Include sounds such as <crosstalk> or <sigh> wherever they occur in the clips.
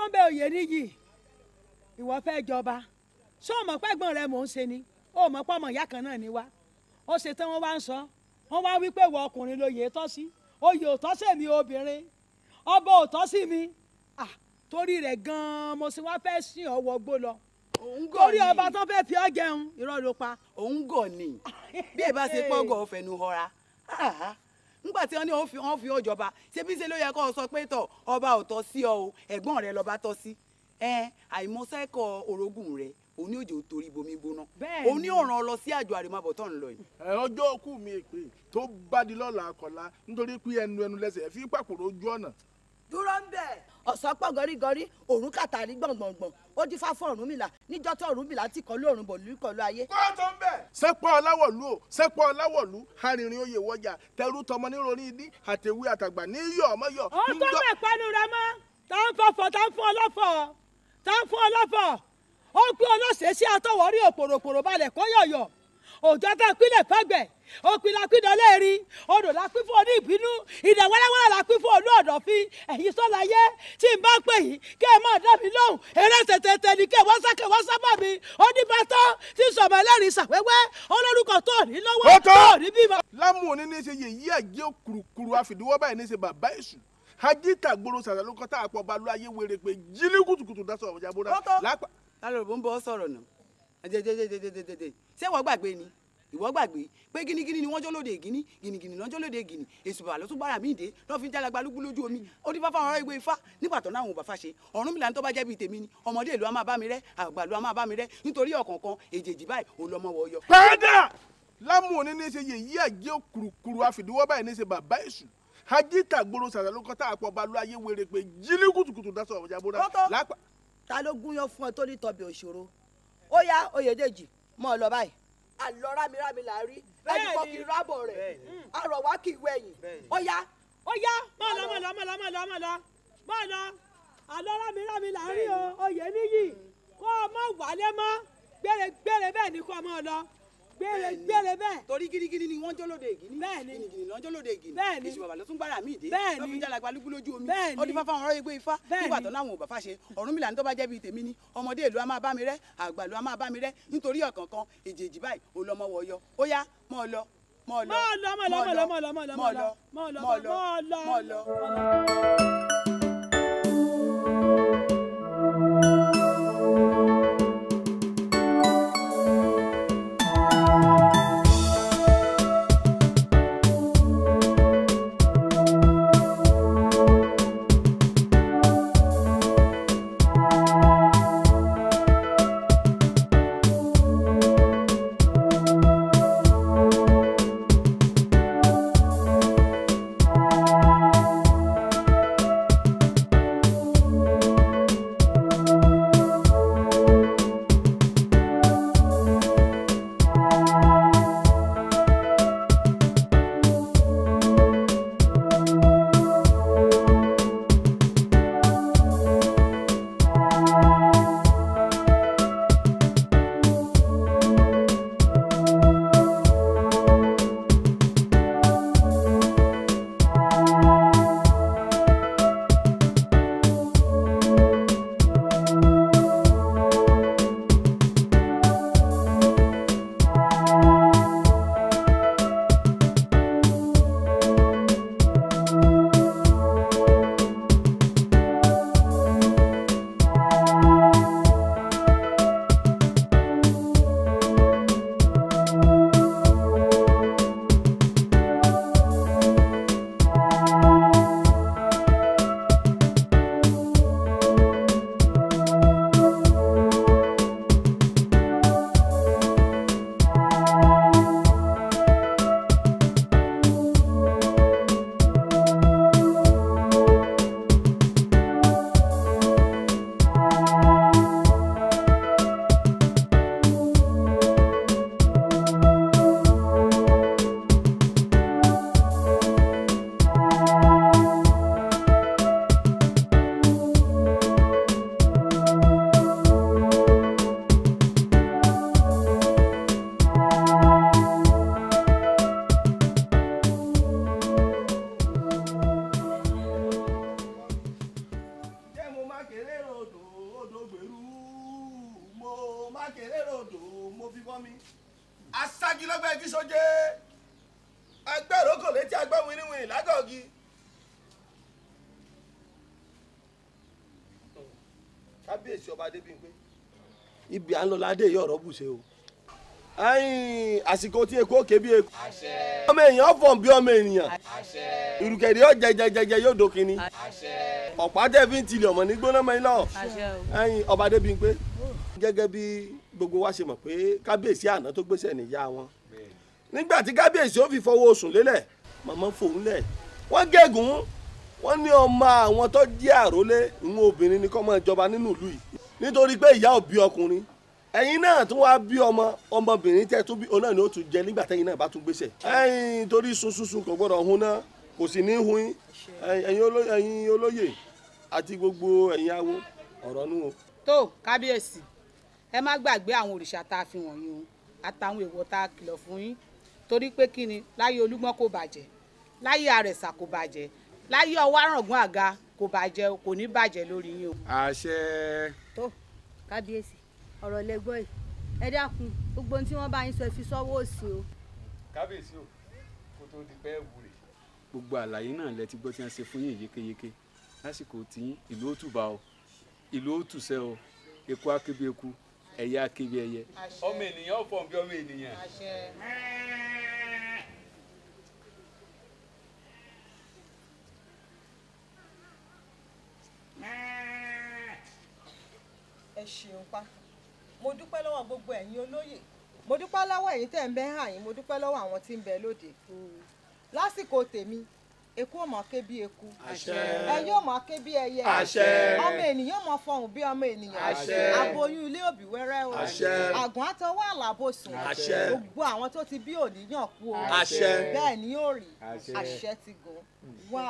dúró ń bẹ òye níyì ìwọ fẹ́ jọba ṣé o mọ̀ pé ẹ̀gbọ́n rẹ mò ń ṣe ni o mọ̀ pé ọmọ ìyá kan náà ni wá ó ṣe tán wọ́n wá ń sọ wọ́n wá wípé ìwọ ọkùnrin lóye tọ́ sí oyè ò sí èmi obìnrin ọba ò sí mi torí rẹ̀ gan-an mo sì wá fẹ́ sìn ọ́ wọgbó lọ torí ọba tó fẹ́ fi ọ́ jẹun irọ́ ló pa. òun gọ̀ ni <laughs> bí ẹ bá ṣe pọ́ngọ̀ ọ̀fẹ́ nu họra nígbà tí wọ́n ní wọ́n fi ó jọba ṣé bí ṣe ló yẹ kó sọ pé tọ̀ ọba ò tọ́ sí ọ o ẹ̀gbọ́n rẹ lọ́ba tọ́ sí àìmọ́sẹ́kọ̀ orogún rẹ òní òjò torí bomi gbóná òní ọ̀ràn ọ lọ sí àjọ àrèmábọ̀ tó ń lọ yìí. ọjọ́ òkú mi èpè tó bá di lọ́la àkọ́lá nítorí pé ẹnu ẹnu lẹ́sẹ̀ fi pàkórò ojú ọ̀nà. dúró ń bẹ̀ ọ̀sán pọ̀ gọ́rígọ́rí òrùn kàtàrí gbọ̀ngbọ̀ngbọ̀n ó dífá fún Ọ̀rúnmìlà níjọ́ tí Ọ̀rúnmìlà ti kọlu ọ̀run bọ̀ lórí kọlu ayé. kó tó ń bẹ̀. sẹ́pọ̀ ọ̀làwọ̀lú o sẹ́pọ̀ ọ̀làwọ̀lú arìnrìn oyè wọjà tẹrú tọmọ nírorí ìdí àtẹ̀wé àtàgbà ní yọ̀ ọmọ yọ̀. ó tó mẹ́ pẹ́nu rẹ mọ́ tá ń fọfọ tá ń fún ọlọ́fọ̀ tá ń fún ọlọ́fọ̀ ó gbé ọlọ́sẹ̀ sí àtọ̀wọ́rí òjò pínlẹ̀ fẹ́gbẹ̀ òpin la pín dọ́lé rí odò la pín fún oní ìbínú ìdè wẹ́lẹ́wẹ́lẹ́ la pín fún olú ọ̀dọ̀ ẹ̀yin sọ́la yé tí n bá pè yín kẹ́ ẹ máa dá lóhùn eré tètè ní kẹ́ wọ́n sákẹ́ wọ́n sábà mi oníbàtọ́ tí sọ̀mọ́ ẹlẹ́rìí sàwẹ́wẹ́ olórúkọ tó ní lọ́wọ́ tó ní bímọ. lámù òní ní ṣe yèyí àjẹ kùrùkùrù àfìdíwọ́ báyìí ní ṣe bàbá èṣù hajita gbòòrò sàtàlókọ tá àpọ̀ balùwẹ̀ ayé wèrè pé jílí kùtùkùtù dá ọ̀jà bó jẹjẹjẹjẹjẹjẹjẹ ṣé wọ́n gbàgbé ni ìwọ gbàgbé pé gínigíní ni wọ́n jọ lóde gíní gínigíní náà jọ lóde gíní èsù bàbá ló tún bára míì dé lọ́ fi ń jálagba lúgbú lójú omi ó dín fáfá ọ̀rọ̀ ìwé ifá nígbà tó náà àwọn bàfá ṣe ọ̀run mìlá tó bá jẹ́ bíi tèmi ni ọmọdé ìlú a bá mi rẹ́ àgbà ìlú a bá mi rẹ́ nítorí ọ̀kọ̀ọ̀kan èjèèjì báyìí ò yọ. ó yá oyèdèjì mọ́ ọ lọ báyìí àlọ́ rámirámi rí bẹ́ẹ̀ ni kò rábọ̀ rẹ̀ ó yá. ó yá lọ mọ́ lọ mọ́ lọ lọ mọ́ lọ ọ lọ rí o oyè níyì kó mọ́ bẹ́ẹ̀ ni lọ. gbére gbére bẹ́ẹ̀. torí girigiri ni wọ́n jọ́lóde ìgìní. bẹ́ẹ̀ni gìnìgìnì náà de gini. bẹ́ẹ̀ni èsì bàbá ló tún gbára mi dé. bẹ́ẹ̀ni lọ́fi jàlá gbalúgbú lójú omi. bẹ́ẹ̀ni ó di fáfá ọ̀rọ̀ egbò ifá. bẹ́ẹ̀ni nígbà tó láwọn ò bá fà ṣe ọ̀run mi là ń tọ́ bá jẹ́ bíi tèmi ni ọmọdé ìlú a máa bá mi rẹ́ àgbà ìlú a máa bá mi rẹ́ nítorí ọ̀kọ̀ọ̀kan èjèèjì báyìí ò lọ́mọ wọ̀ yọ ó yá mọ́ ọ lọ mọ́ ọ lọ mọ́ ọ lọ mọ́ ọ lọ mọ́ ọ lọ mọ́ ọ lọ mọ́ ọ lọ mọ́ ọ lọ mọ́ ọ lọ mọ́ ọ lọ. ibi à ń lọ ládé yìí ọ̀rọ̀ bù ṣe o àsìkò tí èkó ké bí èkó ọmọ èèyàn fọ̀n bí ọmọ ènìyàn ìrùkẹ̀rẹ̀ yóò jẹjẹjẹjẹ yóò dókinni ọ̀pá tẹ̀ fi ń tilẹ̀ ọmọ ní gbóná mọ́ iná ọba débi pé gẹ́gẹ́ bí gbogbo wa ṣe mọ̀ pé kábíyèsí àná tó gbéṣẹ́ níyà wọn nígbà tí kábíyèsí ó fi fọwọ́ oṣù lélẹ̀ màmá fòun lẹ̀ wọ́n gégùn wọ́n ní ọmọ àwọn tó jẹ́ àrólé ìwọ̀n obìnrin ni kó máa jọba nínú ìlú yìí nítorí pé ìyá òbí ọkùnrin ẹ̀yin náà tún wá bí ọmọ ọmọbìnrin tẹ́ tó bí òun náà ni ó tún jẹ nígbà tẹ́yin náà bá tún gbéṣẹ. ẹ̀yin torí sunsunsun kò gbọ́dọ̀ hun náà kò sì ní hun ẹ̀yin olóyè àti gbogbo ẹ̀yin awo ọ̀rọ̀ nù tó kábíyèsí ẹ má gbàgbé àwọn òrìṣà tá a fi wọ̀nyí o àtàwọn èèwọ̀ tá a kìlọ̀ fún yín torí pé kí ni láyé olúgbọ́n kò bàjẹ́ láyé àrẹ̀sà kò bàjẹ́ láyé ọwọ́ àràngún àga kò bàjẹ́ kò ní bàjẹ́ lórí yín o. àṣẹ. tó kábíyèsí ọ̀rọ̀ lẹ́gbọ́ yìí ẹ dákun gbogbo ohun tí wọ́n bá yín sọ ẹ fi sọ́wọ́ òsì o. kábíyèsí o kó tó di pẹ́ wúre. gbogbo àlàyé náà lẹ ti gbọ́ tí wọ́n ṣe fún yín yékéyéké lásìkò tí ìlú ó tùbà o ìlú ó tùsẹ́ o eku akébí eku ẹyẹ akébí ẹyẹ. ọmọ ènìyàn ò fọ̀n bí ọmọ ènìyàn. ẹ ṣeun pa mo dúpẹ́ lọ́wọ́ gbogbo ẹ̀yin olóyè mo dúpẹ́ lọ́wọ́ ẹ̀yin tẹ̀ ń bẹ hàn yín mo dúpẹ́ lọ́wọ́ àwọn tí ń bẹ lóde lásìkò tèmi eku ò ké bí eku ẹyẹ ò ké bí ẹyẹ ọmọ ènìyàn ò fọhùn bí ọmọ ènìyàn aboyún ilé òbí wẹ́rẹ́ o àgùn àtọwọ́ àlàbòsùn gbogbo àwọn tó ti bí òníyàn kú o bẹ́ẹ̀ ni yóò rí àṣẹ ti gùn wá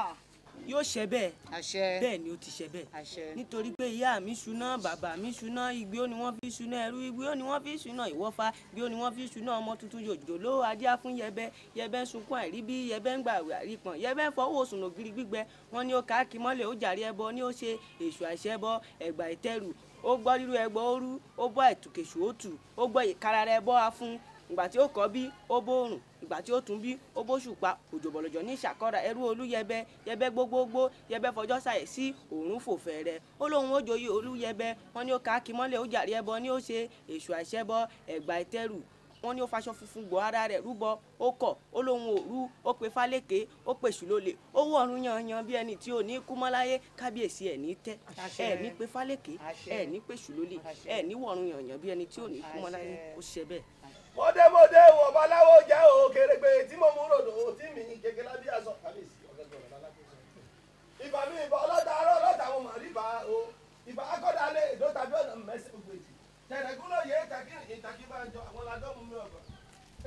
yóò ṣe bẹ́ẹ̀ bẹ́ẹ̀ ni ó ti ṣe bẹ́ẹ̀ nítorí pé ìyá mi ṣúná bàbá mi ṣúná igbó ni wọ́n fi ṣúná ẹrú igbó ni wọ́n fi ṣúná ìwọ́fà igbó ni wọ́n fi ṣúná ọmọ tuntun yòjòló ajá fún yẹbẹ yẹbẹ ń sunkún àìrí bí yẹbẹ ń gbà àrípọn yẹbẹ ń fọwọ́ sùn ògiri gbígbẹ wọn ni ó ká kí mọ́lẹ̀ ó jàre ẹbọ ni ó ṣe èṣù àṣẹbọ ẹ̀gbà ìtẹ́rù ó gbọ́ rírú ẹgbọ́ ó rú ó bọ́ ẹ̀tùkèṣù ó tù ó gbọ́ ìkarara ẹbọ afún ìgbà tí ó kọ́ bí ó bòrùn ìgbà tí ó tún bí ó bóṣùpá òjòbọ̀lọ̀jọ̀ ní ìṣàkọ́ra ẹrú olú yẹbẹ yẹbẹ gbogbogbò yẹbẹ fọjọ́ sàyẹ̀ sí òórùn fòfẹ̀rẹ̀ ó lóun ó joyè olú yẹbẹ wọn ni ó ká kí mọ́lẹ̀ ó jàre ẹbọ ni ó ṣe èṣù àìṣẹ́bọ ẹ̀gbà ìtẹ́rù wọn ní ó faṣọ funfun gbọ ara rẹ̀ rúbọ ó kọ̀ ó lóun òru ó pe fálékè ó pèsù lólè ó wọ ọrùn yanyan bí ẹni tí ò ní kú mọ́láyé kábíyèsí ẹ̀ ní tẹ́ ẹ̀ ní pe fálékè ẹ̀ ní pèsù lólè ẹ̀ ní wọ ọrùn yanyan bí ẹni tí ò ní kú mọ́láyé ó ṣe bẹ́ẹ̀ mọdẹmọdẹ wọ baláwo jẹ o kèrègbè tí mo mú ròdò tí mi kékeré lábí aṣọ kàbíyèsí ọgẹgbẹ ọgẹgbẹ alákòóso ìbà mi ìbà ọlọ́ta arọ ọlọ́ta mo mà rí ìbà o ìbà akọ́dálé èdò tàbí ọ̀nà mẹ́sẹ̀ gbogbo èjì tẹ̀rẹ̀gúnlò yẹ ìtàkì máa jọ àwọn ládọ́mù mi ọ̀gbọ̀n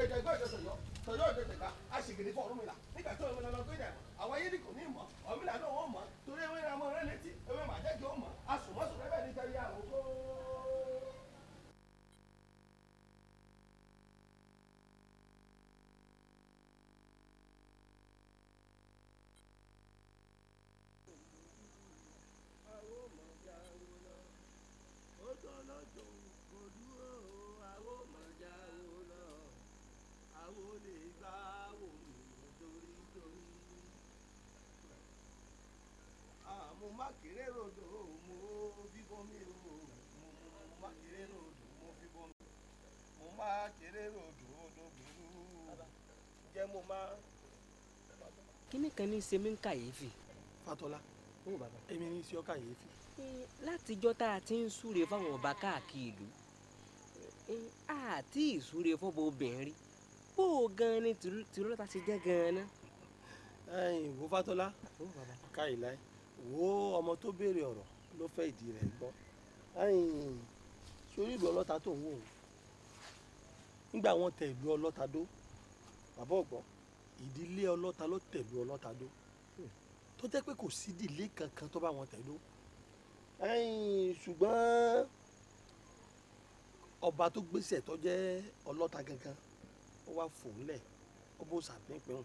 ètò ẹgbẹ́ ìjọsìn yọ tọ́jú ọ̀dẹ̀dẹ̀ká aṣègèrè fún ọ̀rùn mi là nígbà tó ń lọ gbé dẹ̀ àwọn ayédìkò ní ìmọ̀ ọ̀mìnà náà wọ́n mọ̀ mákèrè rodò mo bíbọmi o mo mákèrè rodò mo bíbọmi mo mákèrè rodò odò gbúrú jẹ́ mo máa. kíní kan ní í ṣe mí ń kàyéfì. fatọlá èmi ní í ṣe ọ́ kàyéfì. látijọ́ tá a ti ń súre fáwọn ọba káàkiri ìlú àti ìsúre fọ́bọ obìnrin bó o gan ni tìrọ́ta ṣe jẹ́ gan-an. ẹ̀yin wo fatọlá káyìí láyé wo ọmọ tó béèrè ọ̀rọ̀ ló fẹ́ ìdí rẹ̀ gbọ́ sórí ìlú ọlọ́ta tó ń wò ó nígbà wọn tẹ ìlú ọlọ́ta dó bàbá ọ̀gbọ́ ìdílé ọlọ́ta ló tẹ ìlú ọlọ́ta dó tó jẹ́ pé kò sí ìdílé kankan tó bá wọn tẹ̀ dó ṣùgbọ́n ọba tó gbèsè tó jẹ́ ọlọ́ta gangan ó wá fòun lẹ̀ ó bó sàpínpín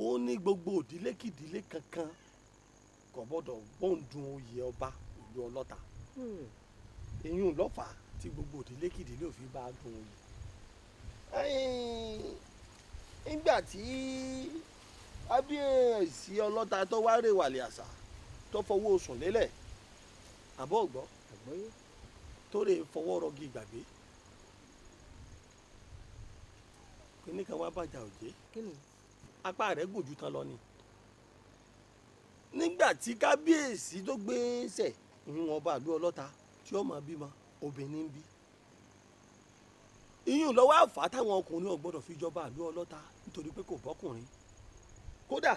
òun ní gbogbo òdílé kìdílé kankan kò gbọ́dọ̀ bóńdùn oyè ọba ìlú ọlọ́ta hmm. ìyún lọ́fà tí gbogbo ìdílé kìdílé òfin bá dùn oyè. nígbà tí kábíyèsí ọlọ́ta tó wá rè wàlẹ̀ àṣà tó fọwọ́ sùn lélẹ̀ àbọ̀ ọ̀gbọ́ tó lè fọwọ́ rọgì gbàgbé kíní kan wá bàjá òjé apá rẹ̀ gùn ju tán lọ ni nígbà tí kábíyèsí tó gbéṣẹ̀ ìhun ọba ìlú ọlọ́ta tí ó máa bímọ obìnrin ń bí ìyún lọ́wọ́ àfà táwọn ọkùnrin ò gbọ́dọ̀ fi jọba ìlú ọlọ́ta nítorí pé kò bọ́kùnrin kódà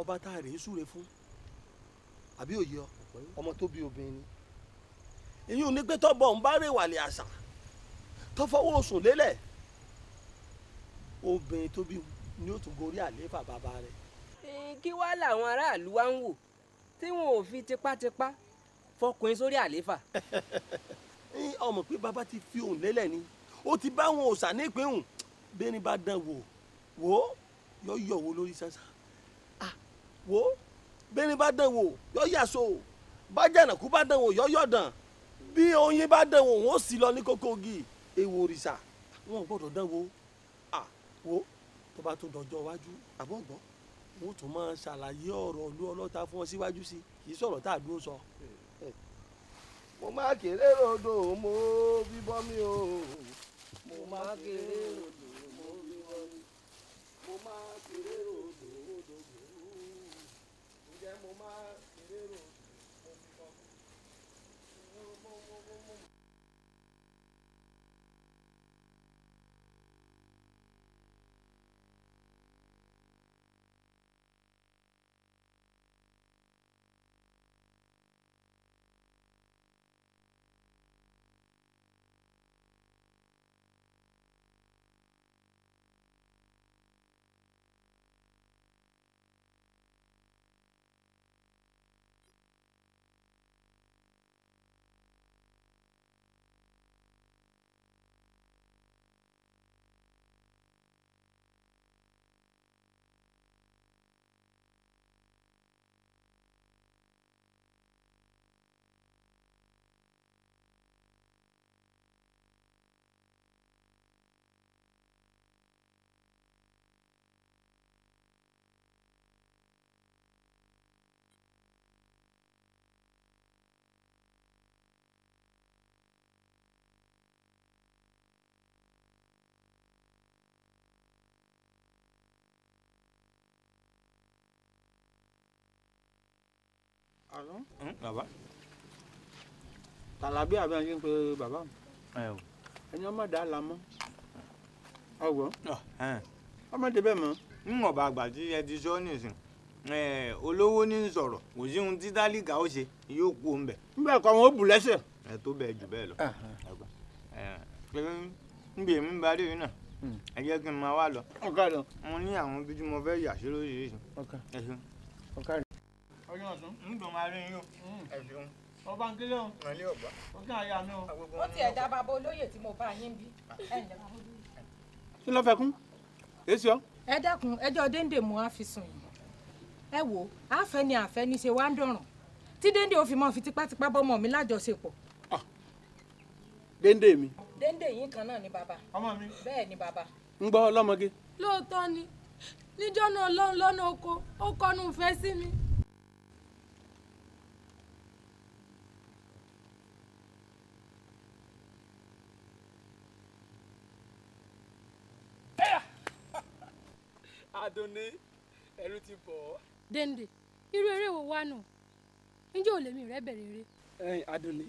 ọba tá a rèé súre fún àbí òye ọmọ tó bí obìnrin ìyún ní pé tọ́bọ̀ ń bá rèwàlẹ̀ àṣà tọ́fọwọ́ sùn obìnrin tó bí ni ó tún gorí àlééfà bàbá rẹ̀ kí wá làwọn aráàlú wa ń wò tí wọn ò fi tipátipá fọkùnrin sórí àléfà. <laughs> ọmọ pé bàbá ti fi òun lélẹ̀ ni ó ti bá wọn òòsà ní ìpéhùn bẹ́ẹ̀ni bá dán wò wò yọ yọ wo lórí sánsan wò bẹ́ẹ̀ni bá dán wò yọ yà so bájànàkú bá dán wò yọ yọ dàn bí oyin bá dán wò wọn ò sì lọ ní kókó igi èwo òrìṣà wọn ò gbọdọ̀ dán wò wò tó bá tó dọjọ́ iwájú àbọ̀ gbọ́ mo tún máa ṣàlàyé ọ̀rọ̀ ìlú ọlọ́ta fún ọ síwájú sí kì í sọ̀rọ̀ tá a dúró sọ. mo máa kéré rodò mo bíbọ́ mi o mo máa kéré rodò mo bíbọ́ mi mo máa kéré rodò. àná. Hmm, bàbá. tàlàbí àbí ẹni pé bàbá mi. ẹni ọmọ dà á la mọ́. ọgbọ́n. ọmọ débẹ̀ mọ́. ń wọ̀n bá àgbà tí ẹ ti sọ nìsín olówó ní ń sọ̀rọ̀ kò sí ohun tí dálígà ó ṣe yóò kú òun bẹ̀. ń bẹ̀ kọ́ àwọn ó bù lẹ́sẹ̀. ẹ tó bẹ̀ jù bẹ́ẹ̀ lọ. ń bè mí bá rí náà hmm. ẹ jẹ́ kí n máa wá lọ. mo ní àwọn ibi mo fẹ́ yà sí lóríṣiríṣi ọjọ́ ọ̀sán. ń dùn máa rí yín o. Mm. ẹ ṣeun. ọba ń kílẹ̀ o. ìrànlẹ́ ọ̀gbà. ó kí àyà mi o. ó tiẹ̀ dá bàbá olóyè tí mo bá yín bí. kí ló fẹ́ kún? èsì ọ. ẹ dákun ẹjọ́ yìí. Ah, kan náà ni bàbá. ọmọ mi. bẹ́ẹ̀ ni bàbá. ń gbọ́ ọlọ́mọge. lóòótọ́ ni níjọ́ náà lọ́nà oko ó kọ́nu ìfẹ́ sí mi adoni ẹ̀rù ti bọ̀ ọ́. dèndé irú eré wo wá nù njẹ́ ò lèmi rẹ bẹ̀rẹ̀ eré. ẹyin adoni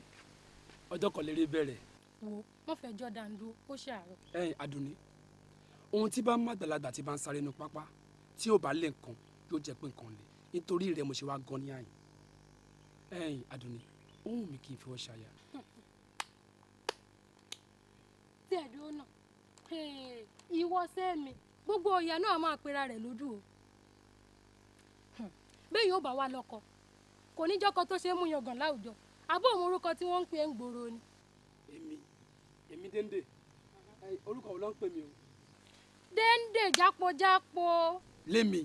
ọjọ́ kan lérè bẹ̀rẹ̀. wo wọn fẹ́ jọ dàǹdó ó ṣàárọ̀. ẹyin adoni ohun tí bá ń màgbàlagbà tí bá ń sáré nu pápá tí ò bá lè nǹkan yóò jẹ́ pé nǹkan lè nítorí rẹ mo ṣe wá gan ní àyìn ẹyin ohun mi kì í fi ọ ṣàyà. tí ẹ̀dùn náà ìwọ sẹ́mi gbogbo ọya náà máa pera rẹ lójú o hmm. bẹ́ẹ̀ yóò bá wa lọ́kọ kò ní tó ṣe é mú yangàn láwùjọ abụọ òun orúkọ tí wọ́n ń pè é ń gbòòrò ni. èmi èmi dénde orúkọ wo ló ń pè mí o. lémi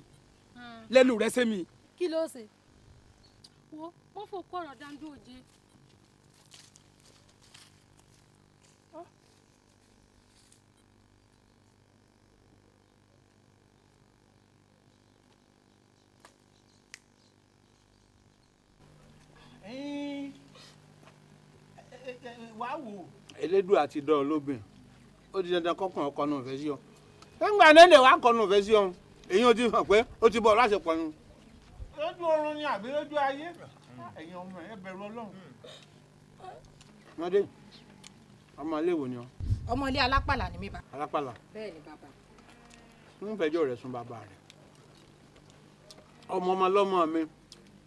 hmm. rẹ kí ló wàá wò. elédùn àti dán olóbìn ó di dandan kọkàn ọkọ náà fẹ́ sí ọ nígbà náà lè wá kọ náà fẹ́ sí ọ èyí ó ti hàn pé ó ti bọ̀ láti pọ̀ lójú oorun ni àbí lójú ayé hmm. ah, ẹ̀yin ọmọ ẹ bẹ̀rù ọlọ́run. Hmm. ọmọdé ọmọ ilé ìwò ni ọ. ọmọ ilé alápàlà ni mi bá. alápàlà. bẹ́ẹ̀ bàbá. ń fẹjọ́ rẹ̀ sùn bàbá rẹ̀ ọmọ ọmọ lọ́mọ mi.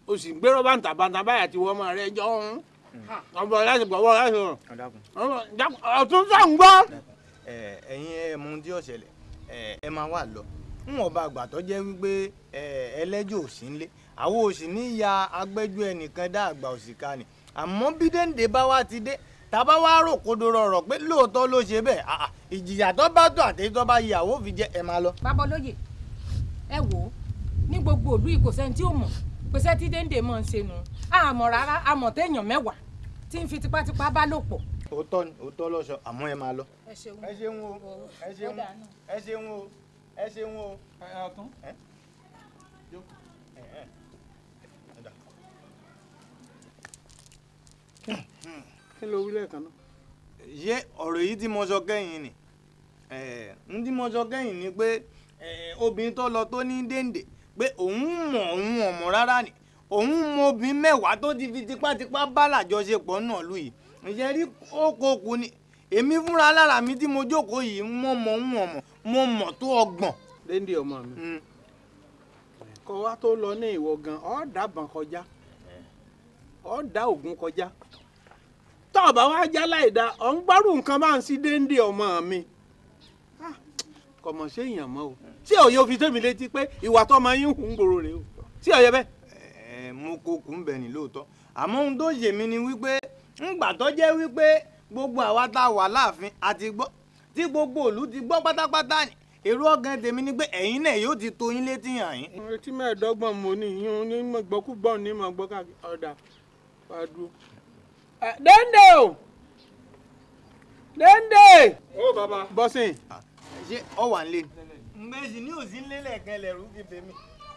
o sì ń gbérò bàǹtà ti wọ ọmọ rẹ jọ ń ọmọ láti gbọwọ láti hàn ọtún sàn gbọ. ẹ̀yin ẹ mú tí ọ̀sẹ̀lẹ̀ ẹ máa wà lọ nwọba bá àgbà jẹ́ wípé ẹlẹ́jọ́ ò sí nílé àwọn òsì ní ya agbẹ́jọ́ ẹnìkan dá àgbà òsì ká ni àmọ́ bí bá wá ti dé tàbá wá rò ẹ wò ó ní gbogbo òlú mọ̀ pèsè tí dénde mọ̀ ń ṣe nù àmọ̀ rárá àmọ̀ téèyàn mẹ́wàá tí ń fi tipátipá bá lò pọ̀. òótọ́ ni òótọ́ lọ́sọ àmọ́ ẹ máa lọ. ẹ ṣeun o ẹ ṣeun o ẹ ṣeun o ẹ ṣeun o ẹ ṣeun o. ọ̀tún kí ló wí lẹ́ẹ̀kan náà. yé ọ̀rọ̀ yìí tí mo sọ kẹ́yìn ni n tí mo sọ kẹ́yìn ni pé obìnrin tó lọ tó ní dénde pé òun mọ̀ òun ọ̀mọ̀ rárá ni òun mọ obìnrin mẹ́wàá tó ti fi tipátipá bá làjọṣepọ̀ náà lù yìí ǹjẹ́ rí okòókò ni èmi fúnra lára mi tí mo jókòó yìí mo mọ̀ òun ọ̀mọ̀ mo mọ̀ tó ọgbọ̀n. léndé ọmọ mi mm. kọ wá tó lọ ní ìwọ gan ọ dábàá kọjá ọ dá ògùn kọjá tọ́ ọ̀bá wa já láì dá ọ̀ ń gbárù nǹkan máa ń sí déndé ọmọ mi ah, kọ̀mọ̀ ṣé èèyàn mọ́ o. tí òye òfin tó létí pé ìwà tó máa yín hùn gbòòrò rèé o tí òye bẹ́ẹ̀. ẹ mo kó kùn bẹ̀ ní lóòótọ́ àmọ́ ohun tó ni wípé ńgbà tó gbogbo àwa tá a wà láàfin àti gbọ́ tí gbogbo òlú ti gbọ́ pátápátá ni èrò tèmi ni pé náà ti to yín létí yín. etí mẹ́ẹ̀ẹ́dọ́gbọ̀n mo ní ní mo gbọ́ kú o dende. bọ́sìn. ṣé ọ wà ń mbèsì ní òsì ńlẹ́lẹ̀ kan lẹ̀rú kí bèmí.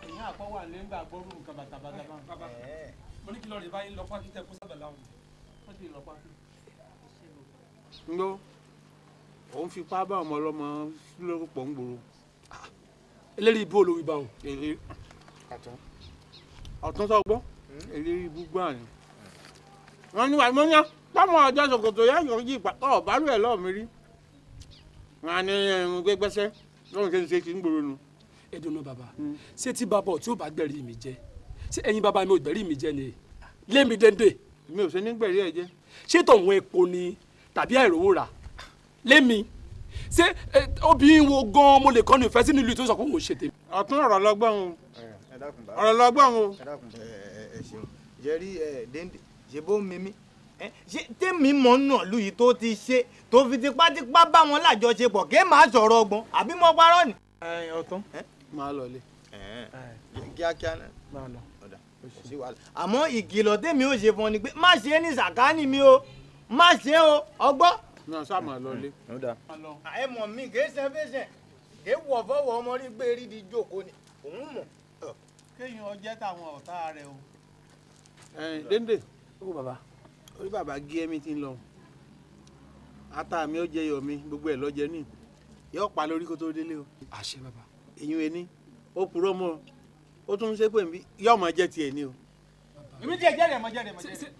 ìyá àpọ̀ wà lé ńgbà gbọ́rù nǹkan bàtàbàtà bá ń. mo ní kí lọ́ọ̀rì báyìí lọ pákí tẹ kó sábàlá òun wọ́n ti lọ pákí. ńlọ òun fipá bá ọmọ ọlọ́mọ lórúkọ ń gbòòrò. eléyìí ibú olówó ibà òun. èlé ọ̀tún sọ gbọ́ èlé hmm. ibú gbà ni. wọ́n ní wàá mọ́ ní pọ́nmọ́ ọjọ́ ṣòkòtò yá yọ̀ọ́ yí ìpàtọ́ ọ̀bálù ẹ̀ lọ́ọ̀ rí. wọ́n á ní lọ́run kẹ́ni ṣe ti ń gbòòrò nu. ẹ dunu Baba. Hmm. ṣé tí Baba ọ̀ tí ó bá gbẹ̀rí mi jẹ ṣé ẹ̀yin bàbá mi ò gbẹ̀rí mi jẹ ni lémi dende. mi ò ṣe ní gbẹ̀rí ẹ jẹ. ṣé tọ̀hún epo ni tàbí àìrówó rà lémi ṣé obìnrin wo gan mo lè kọ́ ní ìfẹ́ sínú ìlú tó sọ fún òun ṣe tèmi. ọ̀tún ọ̀rọ̀ lọ́gbọ́n o ọ̀rọ̀ lọ́gbọ́n o. ẹ ṣeun jẹ́rí dende ṣe bó mímí ṣé tèmi mọ́ náà yìí tó ti ṣe tó fi tipátipá bá wọn lájọṣepọ̀ kí màá sọ̀rọ̀ ọgbọ́n àbí mo parọ́ ni. ọtún máa lọ lé kíákíá náà máa lọ àmọ́ ìkìlọ̀ tèmi ò ṣe fún ọ ni pé má ṣe é ní sàkáání mi o má ṣe é o ọgbọ́. náà sáà máa lọ lé. ẹ mọ̀ mi kì í ṣe fẹsẹ̀ kì í wọ̀ fọwọ́ ọmọ rí gbé rí di jókòó ni òun mọ̀. kéèyàn ọjẹ́ táwọn ọ̀tá rẹ o. ẹ dénde. ó kó bàbá orí bàbá gé ẹmí tí ń lọ ata mi ó jẹ yọ mi gbogbo ẹ lọjẹ ní yọ pa lórí kó tó délé o. àṣẹ bàbá. èyàn ẹni ó purọ́ mọ́ ó tún ń ṣépè mi yọ ọmọ jẹ tiẹ̀ ni o. èmi tiẹ̀ jẹ́rìí ẹ̀ mọ́ jẹ́rìí ẹ̀ mọ́ jẹ́rìí.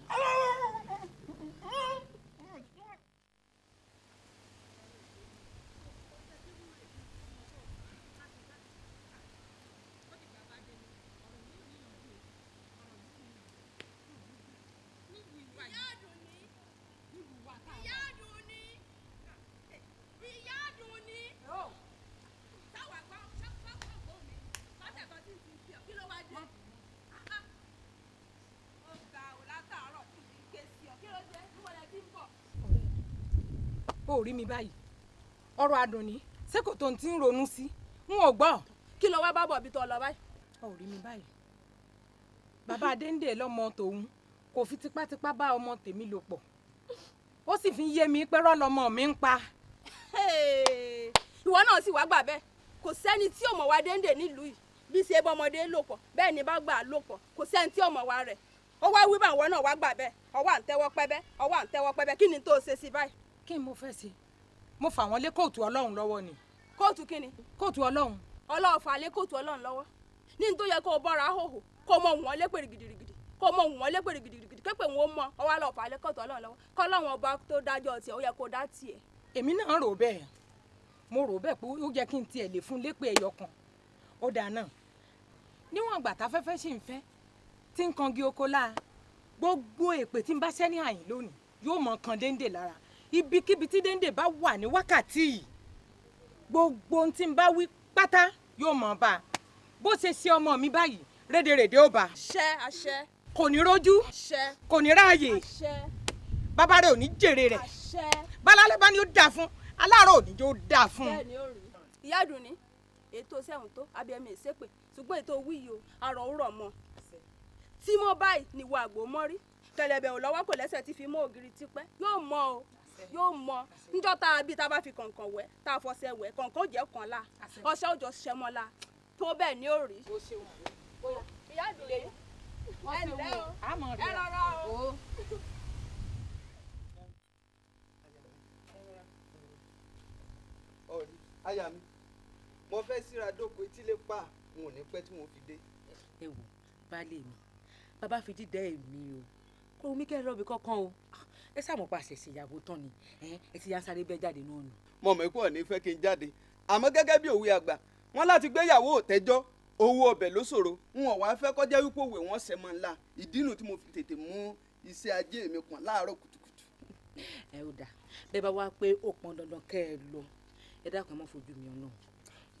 ò rí mi báyìí ọ̀rọ̀ àdùnní ṣé kò tó ń tí ń ronú sí n ò gbọ́. kí lọ wá bá bọ̀ tó báyìí. ọ ò rí mi báyìí bàbá adéǹdè lọmọ kò fi tipátipá bá ọmọ tèmi pọ̀ ó sì fi yé mi ń pa. ìwọ náà sì wá gbà bẹ́ẹ̀ kò sẹ́ni tí ọmọ mọ̀ wá nílùú bí ṣe lò pọ̀ bẹ́ẹ̀ ni bá kò sẹ́ni tí rẹ̀ bá ìwọ kí ni mo fẹ́ ṣe mo fà wọ́n lé kóòtù ọlọ́run lọ́wọ́ ni. kóòtù kí ni. kóòtù ọlọ́run. ọlọ́run fà lé kóòtù ọlọ́run lọ́wọ́ ní tó yẹ kó o bọ́ra hòhò kó o mọ òun ọlé pèrè gidigidi kó o mọ òun ọlé pèrè gidigidi pé pé òun ó mọ ọwọ́ àlọ́ fà lé kóòtù ọlọ́run lọ́wọ́ kọ́ ọlọ́run ọba tó dájọ́ tiẹ̀ ó yẹ kó o dá tiẹ̀. èmi náà rò bẹ́ẹ̀ mo rò bẹ́ẹ̀ pé ó yẹ kí n tiẹ̀ lè fún lépè ẹyọ kan ó dáa náà níwọ̀n àgbà táfẹ́fẹ́ ṣì ń fẹ́ tí ń kangi oko láa gbogbo èpè tí ń bá sẹ́ni àyìn lónìí yóò mọ kan déńdè lára ibikíbi tí dénde bá wà ní wákàtí yìí gbogbo ohun tí n bá wí pátá yóò mọ̀ bá a bó ṣe ṣe ọmọ mi báyìí rédèrèdè ó bá a. àṣẹ àṣẹ. kò ní rójú. àṣẹ. kò ní ráàyè. àṣẹ. ò ní jèrè rẹ. àṣẹ. bá ní ó dáa fún aláàárọ̀ òní yóò dáa fún. bẹ́ẹ̀ ni ó rí ìyá ètò sẹ́hùn tó abiyamọ ìsépè ṣùgbọ́n ètò owó àrò òwúrọ̀ mọ́ tí mo báyìí ni wàá gbó mọ́rí kẹlẹ̀bẹ̀ ò lọ́wọ́ kò lẹ́sẹ̀ tí fi mọ́ ògiri tipẹ́ yóò mọ́ o yóò mọ níjọ́ tá a bí tá a bá fi kọ̀ǹkọ̀ wẹ̀ tá a fọṣẹ wẹ̀ kọ̀ǹkọ̀ jẹ́ kan la ọṣẹ òjò ṣiṣẹ́ mọ́ la tó bẹ́ẹ̀ ni ó rí. ìyá ìdílé ẹ ǹlẹ́ o ẹ rọra o. ọ̀rí aya mi mo fẹ́ síra dóko etílé pa n ò ní pẹ́ tí mo fi dé. ẹ wò baálé mi bàbá fi dídá èmi o kò mí kẹ́ ẹ rọ́ọ̀bì kankan o ẹ sáà mọ̀ pa àṣẹ̀ṣẹ̀ ìyàwó tán ni ẹ ti yá sáré bẹ́ẹ̀ jáde náà nù. mo mọ ikú ọ̀nì fẹ́ kí n jáde àmọ́ gẹ́gẹ́ bí òwe àgbà wọn láti gbéyàwó òtẹ́jọ́ owó ọbẹ̀ ló ṣòro n ò wá fẹ́ kọjá wípé òwe wọn ṣẹ̀ mọ́ ńlá ìdínú tí mo fi tètè mú iṣẹ́ ajé mi pọ̀n láàárọ̀ kùtùkùtù. ẹ ò dà bẹ́ẹ̀ bá wá pé ó pọn dandan kẹ́ ẹ lọ ẹ dákun ẹ má fojú mi ọ̀nà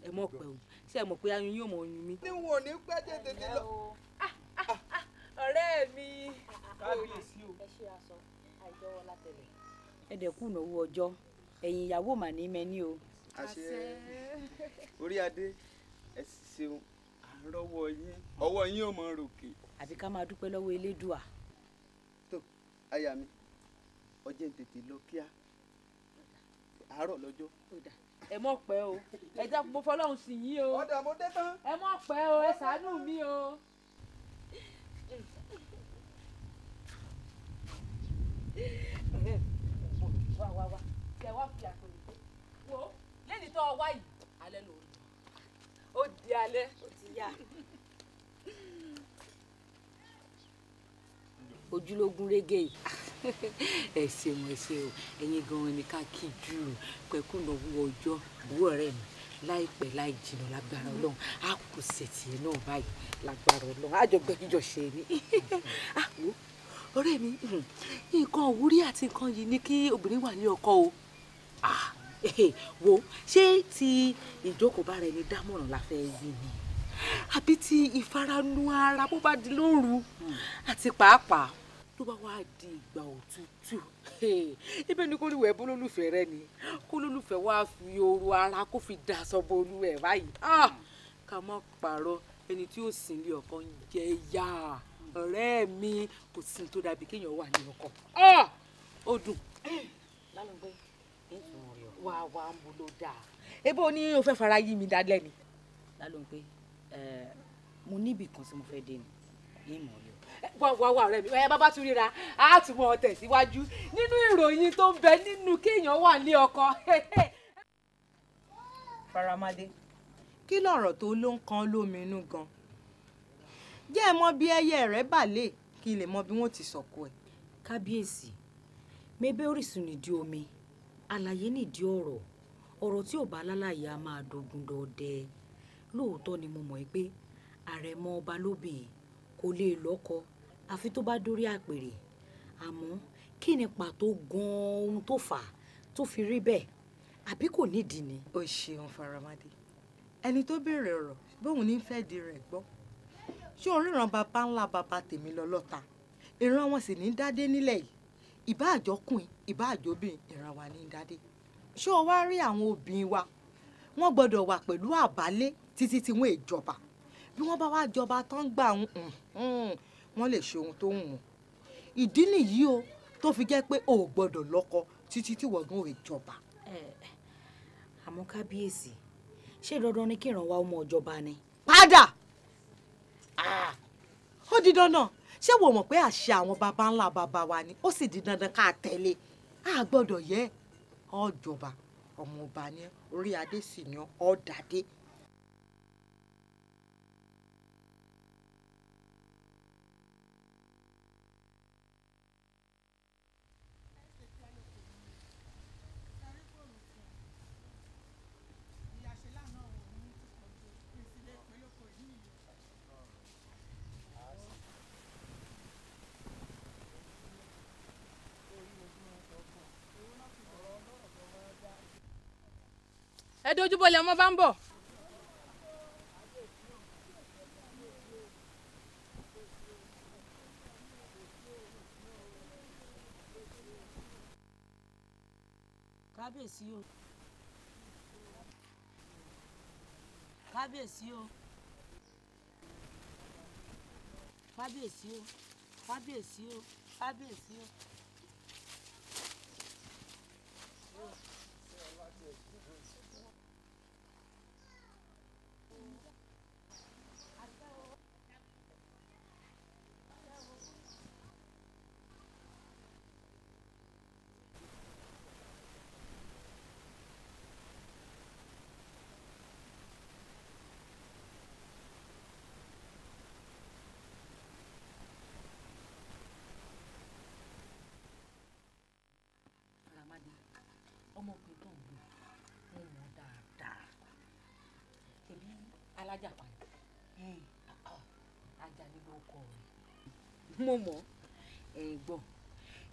ẹ mọ̀ pẹ̀ o ṣé ẹ mọ̀ pé ayun yóò mọ̀ oyún mi. níwọ̀n ò ní pẹ́ tètè lọ. Ah, ah, ah, ọ̀rẹ́ mi. kábíyèsí o. ẹ ṣe aṣọ dọ́wọ́ látẹ̀lẹ̀. ẹ dẹ̀kun ìnáwó ọjọ́ ẹ̀yìn ìyàwó mà ní mẹ́ni o. àṣẹ orí adé ẹ sì ṣeun àárọ̀wọ̀ yín ọwọ́ yín ò mọ ròkè. àfi ká máa dúpẹ́ lọ́wọ́ elédùà. tó aya mi ọjọ́ ń tètè lọ kíá àárọ̀ lọ́jọ́. ẹ mọ̀ pẹ́ o ẹ jẹ́ mo fọlọ́run sí yín o. ọ̀dà mo dé tán. ẹ mọ̀ pẹ́ o ẹ ṣàánú mi o. wá wá wá kẹ wá fi àpò yìí wo lẹ́ni tó wá yìí alẹ́ ló rí ó di alẹ́ ó ti yá. ojúlógún rége yìí ẹ ṣeun ẹ ṣe o ẹ̀yin gan-an ni ká kí dúró pẹkúnà owó ọjọ́ ìwú ọ̀rẹ́ mi láìpẹ́ láì jìnnà lágbára Ọlọ́run a kò ṣètì ẹ náà báyìí lágbára Ọlọ́run àjọgbẹjìjọ ṣe ni àwọn <laughs> ọ̀rẹ́ mi hmm. nǹkan òwúrí àti nǹkan yìí ni kí obìnrin wà ní ọkọ o wo ṣé ti ìjókòó bára ẹni dámọ̀ràn la fẹ́ yí ni àbí ti ìfaranu ara bó bá di lóru hmm. àti pàápàá tó bá wá di ìgbà òtútù ibẹ̀ ni kò rí wẹ̀ bólólùfẹ́ rẹ ni kó lólùfẹ́ wá fi ooru ara kó fi da sọ́bọ̀ olú ẹ̀ báyìí ah, ká má pààrọ̀ ẹni tí ó sìn lé ọkàn jẹ́ yá ọ̀rẹ́ mi kò sí tó dàbí kéèyàn wà ní ọkọ ah! ó dùn. lálùgbé wà wà ń bolo dáa. ebo ní o fẹ́ fara yí mi dálẹ́ ni. lálùgbé mo níbì kan tí mo fẹ́ dé ni ìmọ̀ ọ̀rẹ́ wàwàwà ọ̀rẹ́ mi ẹ bàbá tún ríra á tún mọ tẹ̀síwájú nínú ìròyìn tó ń bẹ nínú kéèyàn wà ní ọkọ. faramade kí lọ̀rọ̀ tó ló ń kan lóminú gan jẹ́ ẹ mọ bí ẹyẹ rẹ bà lè kí ilẹ̀ mọ bí wọ́n ti sọ̀kò ẹ̀. kábíyèsí mẹ́bẹ́ orísun nìdí omi àlàyé nìdí ọ̀rọ̀ ọ̀rọ̀ tí ò bá lálàyé a máa dogun dọdẹ lóòótọ́ ni mo mọ̀ ẹ́ pé àrẹ̀mọ ọba lóbìnrin kò lè lọ́kọ àfi tó bá dórí àpèrè àmọ́ kí ni pàtó gan ohun tó fà tó fi rí bẹ́ẹ̀ àbí kò nídìí ni. o ṣeun faramade ẹni tó béèrè ọ̀rọ̀ bóun ní fẹ́ di rẹ̀ gbọ́ ṣé oríran bàbá ńlá bàbá tèmi lọ lọ́ta ìran wọn sì ní dádé nílẹ̀ yìí ìbá àjọkùnrin ìbá àjọbìnrin ìran wa ní dádé ṣé o wá rí àwọn obìnrin wa wọ́n gbọ́dọ̀ wà pẹ̀lú àbálé títí tí wọ́n èjọba bí wọ́n bá wá jọba tán gbà wọ́n lè ṣe ohun tó wù wọ́n ìdí nìyí o tó fi jẹ́ pé o ò gbọ́dọ̀ lọ́kọ títí tí wọ̀gán ò jọba. kábíyèsí ṣé dandan ni kí ìrànwá ọmọ ìjọba ni. padà ó di dandan ṣé wò mọ̀ pé àṣà àwọn baba ńlá baba wa ni ó sì di dandan ká tẹ̀lé a gbọ́dọ̀ yẹ ọ̀jọ̀ba ọmọọba ni orí adé sì ni ọ̀dàdé dojúbolẹ̀ ọmọ bá ń bọ̀. kábíyèsí o kábíyèsí o kábíyèsí o kábíyèsí o kábíyèsí o. alájà padà hmm. ah, ah, ajá ni ló kọ rẹ mo <laughs> mọ ẹ gbọ́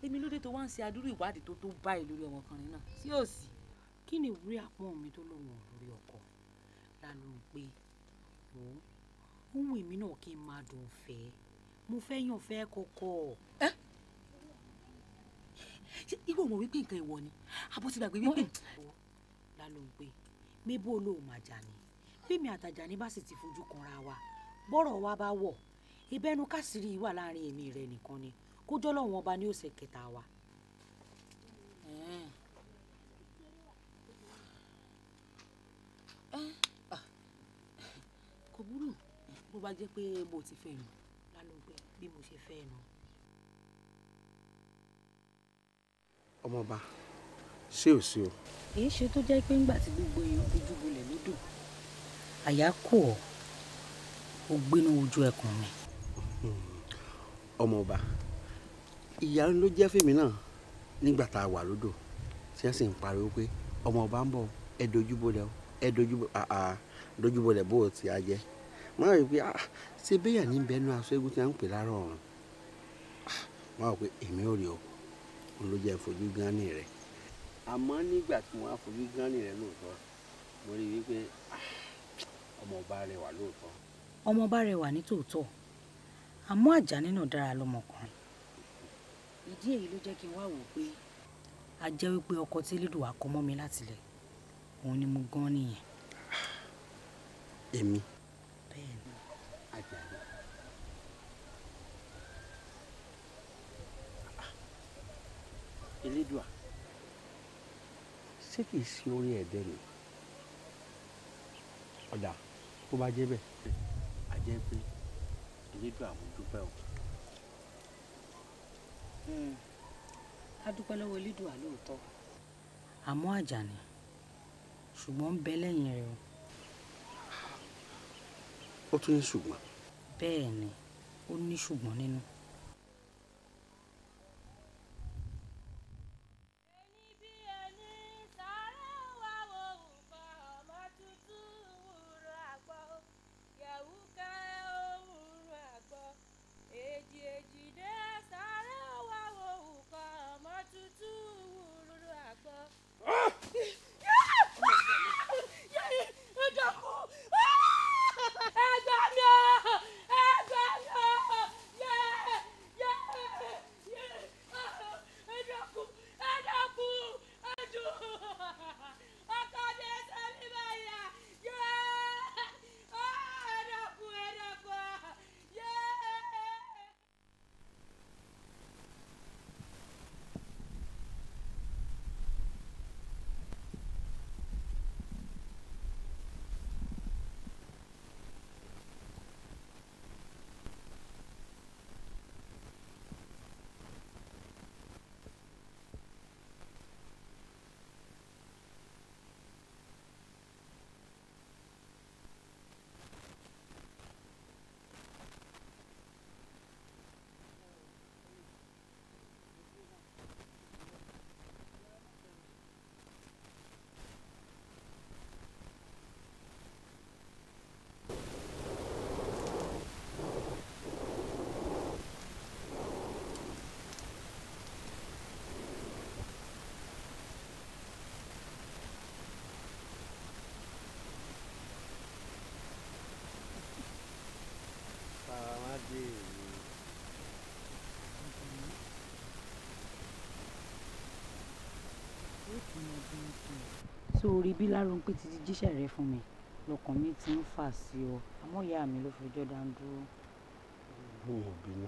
èmi lóde tó wá ń ṣe adúrú ìwádìí tó tó báyìí lórí ọmọkùnrin náà sí òsì kí ni ìwúrí àpọ́n mi tó lòun lórí ọkọ lálọ́ pé wò ó ohun èmi náà kí n máa dùn fẹ́ mo fẹ́ yàn fẹ́ kọ́kọ́. ẹ ṣe ìwọ mọ̀ wípé nǹkan ìwọ ni àbó ti gbàgbé wípé. lálọ́ pé mébó olóhùn màjà ni bímí àtàjàní bá sì ti fojú kanra wa bọ́rọ̀ wa bá wọ̀ ìbẹ́nu kásìrì wà láàrin èmi rẹ̀ nìkan ni kójọ́ lọ́wọ́n ọba ní ọ̀sẹ̀ kẹta wa. Ah, kò burú bó bá jẹ́ pé mo ti fẹ́ nù lálùgbẹ́ bí mo ṣe fẹ́ nù. ọmọọba ṣé ò sí o. èyí ṣe tó jẹ́ pé ńgbà tí gbogbo èèyàn fojú bolẹ̀ lódò àyà kò ọ́ ó gbénú ojú ẹkùn ni. ọmọọba ìyá ló jẹ́ fèmí náà nígbà tá a wà lódò tí wọ́n sì ń pariwo pé ọmọọba ń bọ̀ ẹ dojúbolẹ̀ ẹ dojúbolẹ̀ bó o ti a jẹ́ máa rí i pé ṣé bẹ́yà ní bẹ́nu aṣọ egun tí wọ́n ń pè láàárọ̀ ọ̀run ah, máa rò pé èmi ò rí o òun ló jẹ́ fojú gánni rẹ̀ àmọ́ nígbà tí wọ́n á fojú gánni rẹ̀ lóòótọ́ bá rẹwà lóòótọ́. ọmọ bá rẹwà ní tòótọ́ àmọ́ Àjàní náà dára lọ́mọkùnrin ìdí èyí ló jẹ́ kí n wá wò pé a jẹ́ wípé ọkọ tí Elédùà kọ mọ́ mi látilẹ̀ òun ni mo gan nìyẹn. èmi. bẹ́ẹ̀ni Àjàní. Elédùà ṣé kìí sí orí ẹ̀dẹ́ ni ọ̀dà tó bá jẹ́ bẹ́ẹ̀ á jẹ́ pé elédùn àmójúpẹ́ o. Hmm. a dúpẹ́ lọ́wọ́ elédùn àlóòótọ́ àmọ́ àjàní ṣùgbọ́n ń bẹ lẹ́yìn rẹ o. ó tún ní ṣùgbọ́n. bẹ́ẹ̀ ni ó ní ṣùgbọ́n nínú. tó o rí bí Láròǹpé ti ti jíṣẹ́ rẹ fún mi lọkàn mi ti ń fà sí ọ àmọ́ ìyá mi ló fẹjọ́ dá ń dúró. mi ò bínú.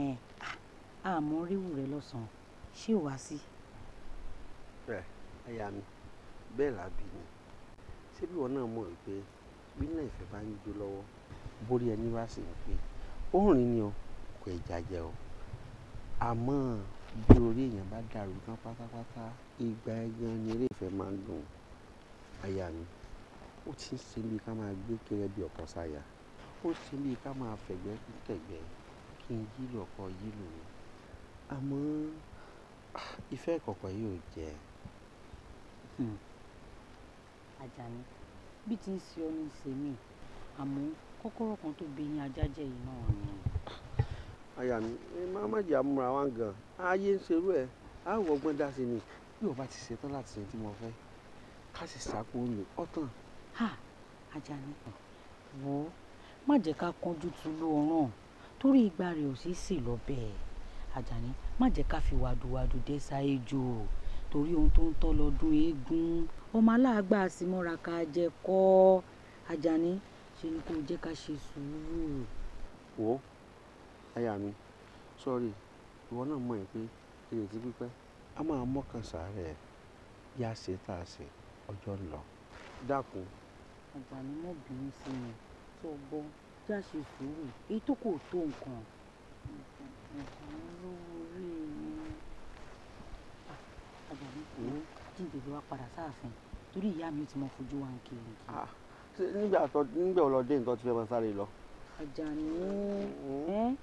ẹ àmọ́ ríwù rẹ lọ́sàn-án ṣé wàá sí. ẹ ẹyà mi bẹ́ẹ̀ làbí ni ṣébí wọn náà mọ̀ pé bínú ìfẹ́ bá ń jó lọ́wọ́ borí ẹni wá sí ni pé ó ni o kò ẹ̀jà jẹ o àmọ́ bí orí èèyàn bá dàrú tán pátápátá ìgbà ẹ gan ni eré ìfẹ́ máa ń dùn aya mi ó ti ń ṣe bí ká máa gbé kéré bí ọ̀pọ̀ sáyà ó ṣe bí ká máa fẹ̀gbẹ́ tẹ̀gbẹ́ kí n yí lọ́kọ yí lò ní àmọ́ ìfẹ́ ìkọ̀kọ̀ yìí ò jẹ́ Àjàní hmm. bí ti ń ṣe ọ ní àmọ́ kọ́kọ́rọ́ kan tó bí yín ajá yìí náà ni. aya mi má má jẹ́ àmúra wa gan ayé ń ṣerú ẹ̀ á wọ́gbọ́n dá sí ni bí o bá ti ṣetán láti ṣe tí mo fẹ́ ká sì sáko oúnjẹ ọ̀tàn. ha Àjàní wo má jẹ́ ká kánjú tulú ọ̀ràn torí ìgbà rẹ̀ ò sì sì lọ bẹ́ẹ̀ Àjàní má jẹ́ ká fi wàdùwàdù dé sáyé jò ó torí ohun tó ń tọ́ lọ́dún eégún ọmọ aláàgbà sì mọ́ra ká jẹ kọ́ Àjàní ṣe ni kò jẹ́ ká ṣe sùúrù. wo aya mi sọrí ìwọ náà mọ̀ ẹ́ pé èrè pípẹ́ a máa mọ́kàn sáré bí a ṣe tá a ṣe ọjọ́ ń lọ. dákun. Àjàní má bínú sí mi tó gbọ́ já ṣe sùúrù èyí tó kò tó nǹkan. Àjàní kò jíǹde ló wá padà sáàfin torí ìyá mi ò ti mọ fojú wa ń kiri. Ah, nígbà tó nígbà wo lọ dé nǹkan tí fẹ́ máa sáré lọ. Àjàní mm-hmm.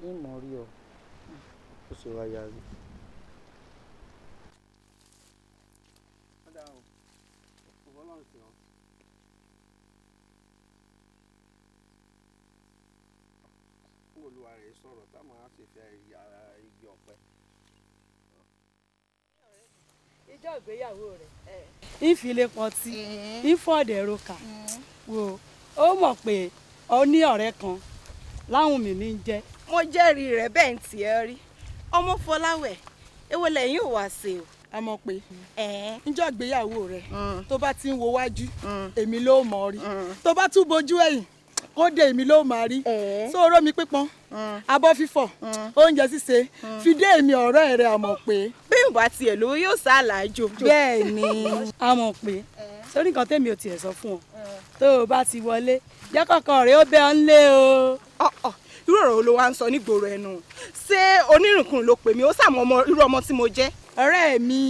ní ìmọ̀ rí ọ. ó ṣe wá yára. igi ọ̀pẹ. ìjọ ìgbéyàwó rẹ ìfilé pọtí ìfọ̀dẹ̀rọ̀kà wo ó mọ̀ pé ó ní ọ̀rẹ́ kan láwọn mi ní jẹ́. mo jẹ́rìí rẹ̀ bẹ́ẹ̀ ń tiẹ̀ rí ọmọ fọláwẹ̀ èwo lẹ́yìn ò wá ṣe o a mọ̀ pé níjọ́ ìgbéyàwó rẹ̀ tó bá ti ń wo wájú èmi ló mọ̀ rí tó bá tún bojú ẹ̀yìn ó de èmi ló máa rí sóró mi pípọn mm. abọ́ fífọ̀ mm. oúnjẹ ṣíṣe mm. fi dé èmi ọ̀rẹ́ rẹ̀ àmọ̀ pé. bí n bá tiẹ̀ lówó yóò ṣàlàjò. bẹ́ẹ̀ ni àmọ̀ <laughs> pé sórí nǹkan tèmi ò tiẹ̀ sọ fún ọ tó o bá ti wọlé jẹ́kọ̀ọ̀kan rẹ̀ ó bẹ́ ọ ń lé o irú ọ̀rọ̀ ló wá ń sọ nígboro ẹnu ṣé onírìnkùn ló pè mí ó sàmọ́ ọmọ irú ọmọ tí mo jẹ́. ọ̀rẹ́ mi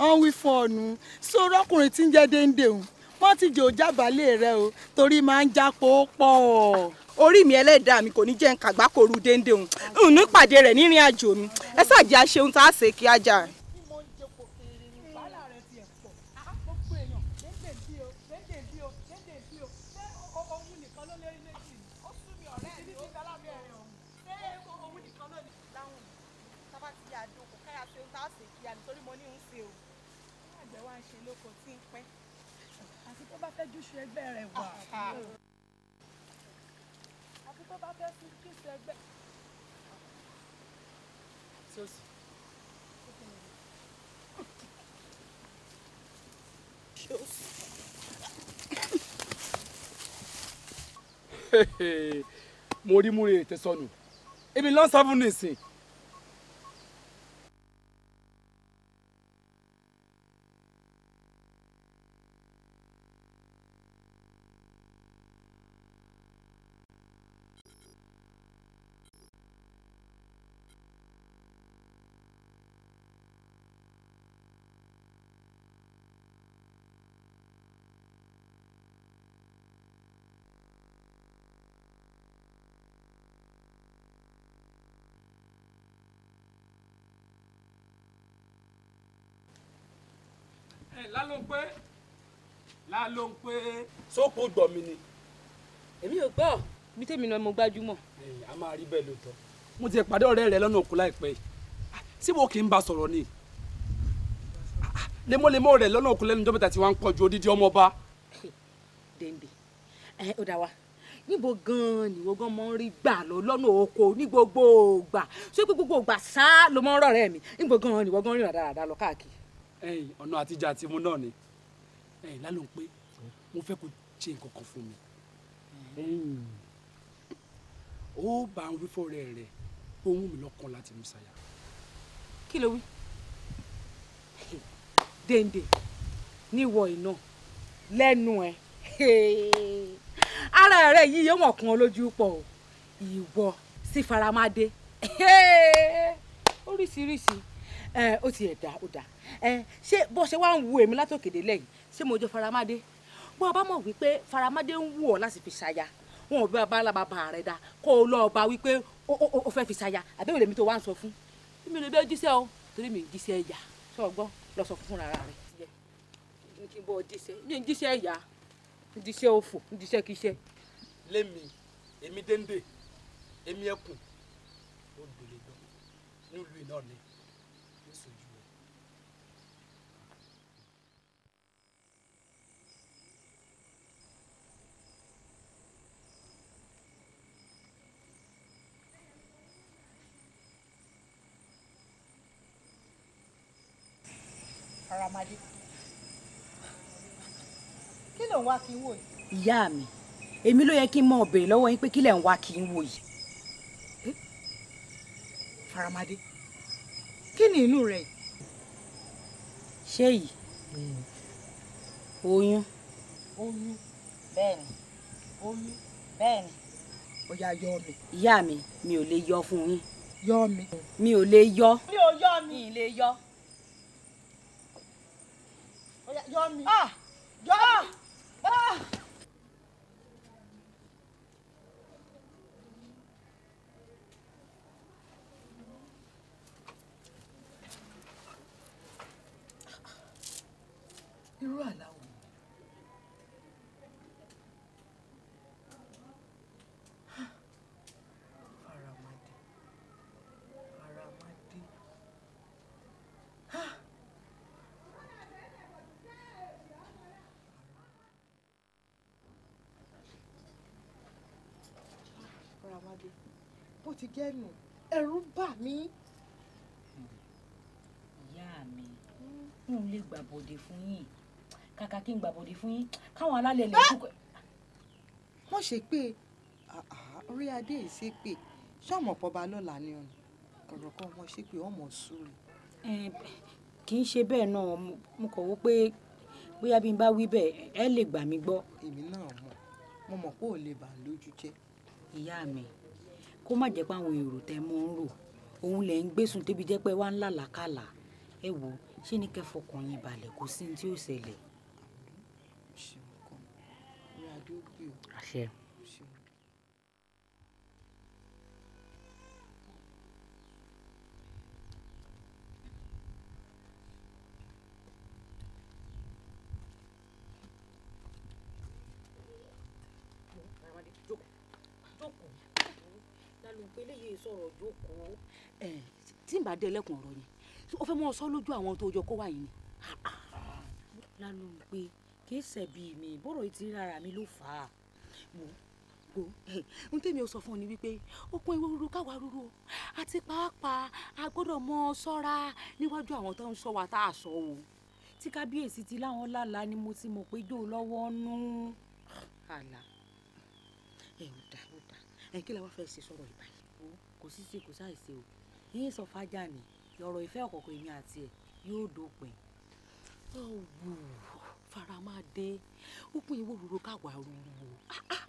wọ́n wí fún ọ̀nù sórọ́kùnrin tí ń jẹ́ déńdé pọ́tìjì ò jábàálẹ̀ rẹ o torí máa ń jápọ̀ pọ̀ orí mi ẹlẹ́dàá mi kò ní jẹ́ ń kàgbákòrú déńdéhùn ń nípàdé rẹ̀ nírìn àjò mi ẹ ṣáà àṣeun tá a ṣe kí á mo rí múre tẹ̀sánù èmi lọ́n sábùn nìsín pé la ló ń pé sóko gbọ̀ mi ni. èmi ò gbọ́ bí tèmi náà mo gbájúmọ̀. a máa rí bẹ́ẹ̀ lóòótọ́ mo ti pàdé ọ̀rẹ́ rẹ lọ́nà òkú láìpẹ́ sí wo kì í bá sọ̀rọ̀ ni lemọ́lemọ́ rẹ lọ́nà òkú lẹ́nu jọ́bẹ̀tà tí wọ́n ń pọ̀jù odidi ọmọọba. dèndé ẹ ó wa níbo gan-an ni wọ́n gan mọ́ ń rí gbà lọ lọ́nà oko ní gbogbo ògbà ṣé gbogbo ògbà sá ló mọ́ ń rọ̀rẹ́ mi níbo gan-an ni gan rìn ràdàràdà lọ káàkiri ọ̀nà àtijọ́ àti imú náà ni lálọ́ pé mo fẹ́ kó ṣe nǹkan kan fún mi ó bá ń wí fọ́rẹ́ rẹ̀ ó mú mi lọ́kàn láti mú ṣàyà. kí ló wí dèndé níwọ iná lẹ́nu ẹ̀ ara rẹ̀ yìí yóò mọ̀ kún lójú pọ̀ ìwọ sí faramade oríṣiríṣi. ó ti ẹ̀dá ó dá ṣé bó ṣe wá ń wo èmi látòkèdè lẹ́yìn ṣé mo jọ faramádé bó a bá mọ̀ wípé faramade ń wù ọ́ láti fi ṣaya wọn ò bí bá alábàbà rẹ̀ dá kó o lọ wípé ó fẹ́ fi ṣaya àbẹ́wò lèmi tó wá ń sọ fún mi lè bẹ́ẹ̀ jíṣẹ́ o torí mi ń ẹ̀yà sọ gbọ́ lọ sọ fúnra rẹ̀ ní kí n bọ́ jíṣẹ́ ní ń jíṣẹ́ ẹ̀yà ń jíṣẹ́ òfò ń jíṣẹ́ lémi èmi èmi ẹkùn ó gbọ́ Faramade kí ló ń wá kí n wò yìí. ìyá mi èmi ló yẹ kí n mọ ọbẹ̀ lọ́wọ́ yín pé kí lẹ̀ ń wá kí n wò yìí. Faramade kí ni inú rẹ yìí. ṣé yìí oyún. oyún bẹ́ẹ̀ ni oyún bẹ́ẹ̀ ni. ó yá yọ mi. ìyá mi mi ò lè yọ fún yín. yọ mi. mi ò lè yọ. mi ò yọ mi. mi ì lè yọ. Kayak Johnny. Ah. Johnny. Ah. ah. You're right now. ti gẹ́nu ẹ̀rù bà mí. ìyá mi n ò lè gbàbọ̀dé fún yín kàkà kí n gbàbọ̀dé fún yín káwọn alálẹ̀ lè kú. wọ́n ṣe pé orí adé yìí ṣe pé ṣọ́ọ̀mọ̀pọ̀ bá lọ́la ni ọ̀nà ọ̀rọ̀ kan wọ́n ṣe pé ọmọ sùúrù. kì í ṣe bẹ́ẹ̀ náà mo kàn wó pé bóyá bí n bá wí bẹ́ẹ̀ ẹ lè gbà mí gbọ́. èmi náà mọ̀ mo mọ̀ pé ò lè bà lójú jẹ́. ìyá mi kó má jẹ́ pé àwọn èrò tẹ́ mọ́ ń rò òun lẹ̀ ń gbésùn débi jẹ́ pé wá ń làlàkàlà ẹ wò ṣé ní kẹ́ fọkàn balẹ̀ kò sí ní tí ó ṣẹlẹ̀. àṣẹ. pé eléyìí sọ̀rọ̀ jókòó. ẹ tí n bá dé ẹlẹ́kùn ọ̀rọ̀ yẹn o fẹ́ mọ sọ lójú àwọn tó jọ kó wà yìí ni. lálọ́ ń pé kì í mi bọ́rọ̀ yìí ti rárá mi ló fà á. mo gbó n tèmi ò sọ fún ọ ni wípé okun ewu ruru káwa ruru o àti pàápàá a gbọ́dọ̀ mọ ṣọ́ra níwájú àwọn tó ń sọ wa tá a sọ o. tí kábíyèsí ti láwọn lálá ni mo ti mọ̀ pé jò lọ́wọ́ nú. àlà ẹ ò dá ò dá ẹ kí la wá fẹ́ ṣe sọ̀rọ̀ ìbáyìí kò sí sí kò ṣàìṣe o yín sọ fájà ni ọ̀rọ̀ ìfẹ́ ọ̀kọ̀ọ̀kan èmi àti ẹ̀ yóò dópin. ọ̀wù faramade ó pín ìwọ òróró káwa rúru ah, ah.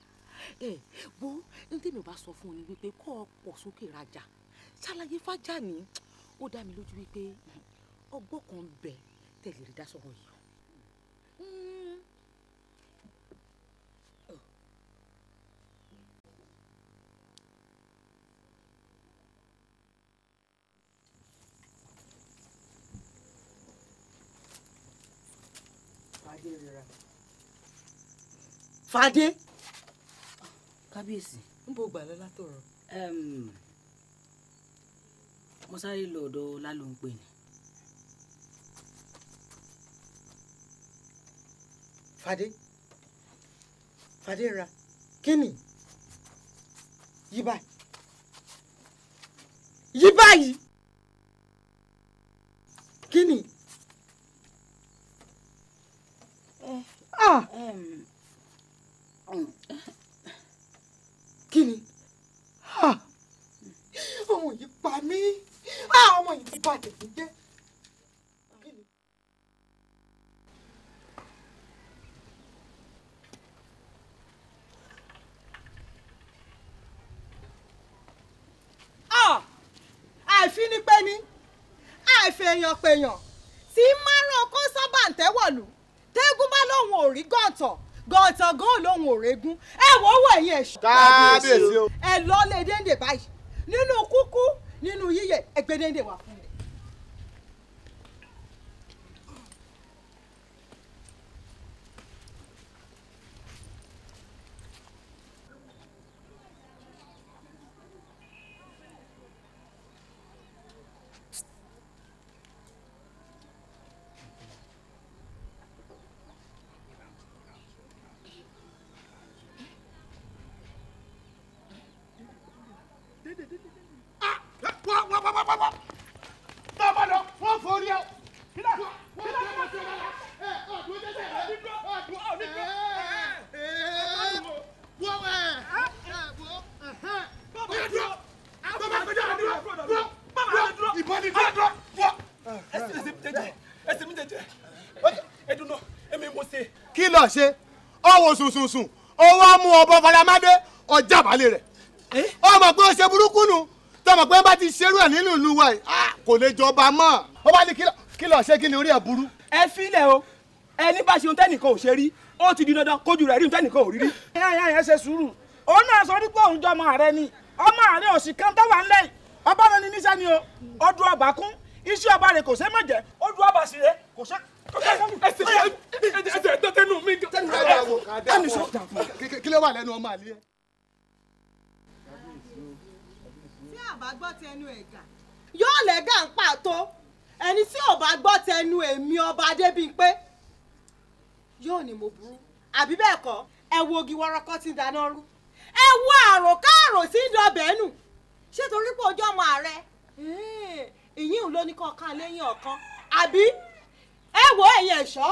ẹ wo ní tèmi bá sọ fún un ni wípé kọ́ ọ pọ̀ sókè rajà ṣàlàyé fájà ni ó dá mi lójú wípé ọgbọ́n kan ń bẹ tẹ̀lé rí dá sọ̀rọ̀ yìí. fadé. kábíyèsí. níbo gbà lọ látọ̀rọ̀. mo sáré lọ ọ̀dọ̀ lálóńpé ni. fadé fadé ra kíni yí báyìí yí báyìí kíni. Eh, ah kí ni ọmọ yìí pa mí ọmọ yìí ti bà tètè jẹ́. àìfinipẹ́ ni àìfẹ̀yàn pèèyàn tí márùn-ún kó sọ́bà ń tẹ́wọ̀lú tẹ́gùn bá lóun ò rí gọ̀ǹtọ̀ gọ̀ǹtàngán lòun ò régún ẹ wò ó wọ ẹ̀yìn ẹ̀ṣọ́. kábíyèsí o. ẹ lọ lé déńdé báyìí nínú kúkú nínú yíyẹ ẹgbẹ́ déńdé wà fún ṣe ọwọ́ sùnsùnsùn ọwọ́ mú ọbọ̀ faramádé ọjà balẹ̀ rẹ̀ ọmọ eh? pé ó ṣe burúkú nù tọmọ pé bá ti ṣerú ẹ̀ nínú ìlú wa yìí kò lè jọba mọ́ ọ bá ní kílọ̀ ṣé kí ni orí ẹ̀ burú. ẹ filẹ̀ o ẹni bá ṣe ohun tẹ́nìkan ò ṣe rí ó ti di dandan kójú rẹ̀ rí ohun tẹ́nìkan ò rí rí. ẹyà ẹyà yẹn ṣe sùúrù òun náà sọ wípé òun jọ ọmọ rẹ ni ọmọ rẹ òsì kan tó wà ńlẹ̀ ọba náà ní níṣẹ́ ni o ó dúró ọba kún iṣẹ́ ọba rẹ kò ṣe é mọ̀jẹ́ ó dúró ọba sí rẹ kò ṣe é ẹsẹ ẹsẹ ẹsẹ tẹnu mi. tẹnu rẹ bá wò tẹnu sọ kí ló wà lẹ́nu ọmọ àlẹ yẹn. tí àbá gbọ́ tẹnu ẹ̀gà yóò lẹ́gà ń pàtó ẹni tí ò bá gbọ́ tẹnu èmi ọba Adébímpé yóò ní mo burú àbí bẹ́ẹ̀ kọ́ ẹ wo ogi wọ́rọ́kọ́ tí ń dáná rú ẹ wo àròkárò tí ń dọbẹ̀ nù ṣé torí ojú ọmọ ààrẹ ìyín ló ní kọ́ ọ̀kan lẹ́yìn ọ̀kan àbí ẹ wo ẹ̀yin ẹ̀ṣọ́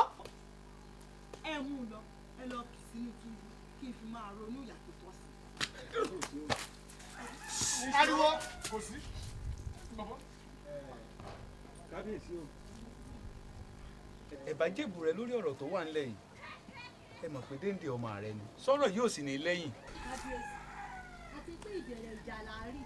ẹ mú un lọ ẹ lọ kì sínú túbú kí n fi máa ronú ìyàtọ̀ tọ́ sí. ariwo kò sí. kábíyèsí o ẹ̀bàjẹ́bù rẹ lórí ọ̀rọ̀ tó wà nílẹ̀ yìí ẹ mọ̀ pé déńdé ọmọ rẹ ni sọ̀rọ̀ yóò sì ní lẹ́yìn. kábíyèsí àti pé ìbẹ̀rẹ̀ ìjà là á rí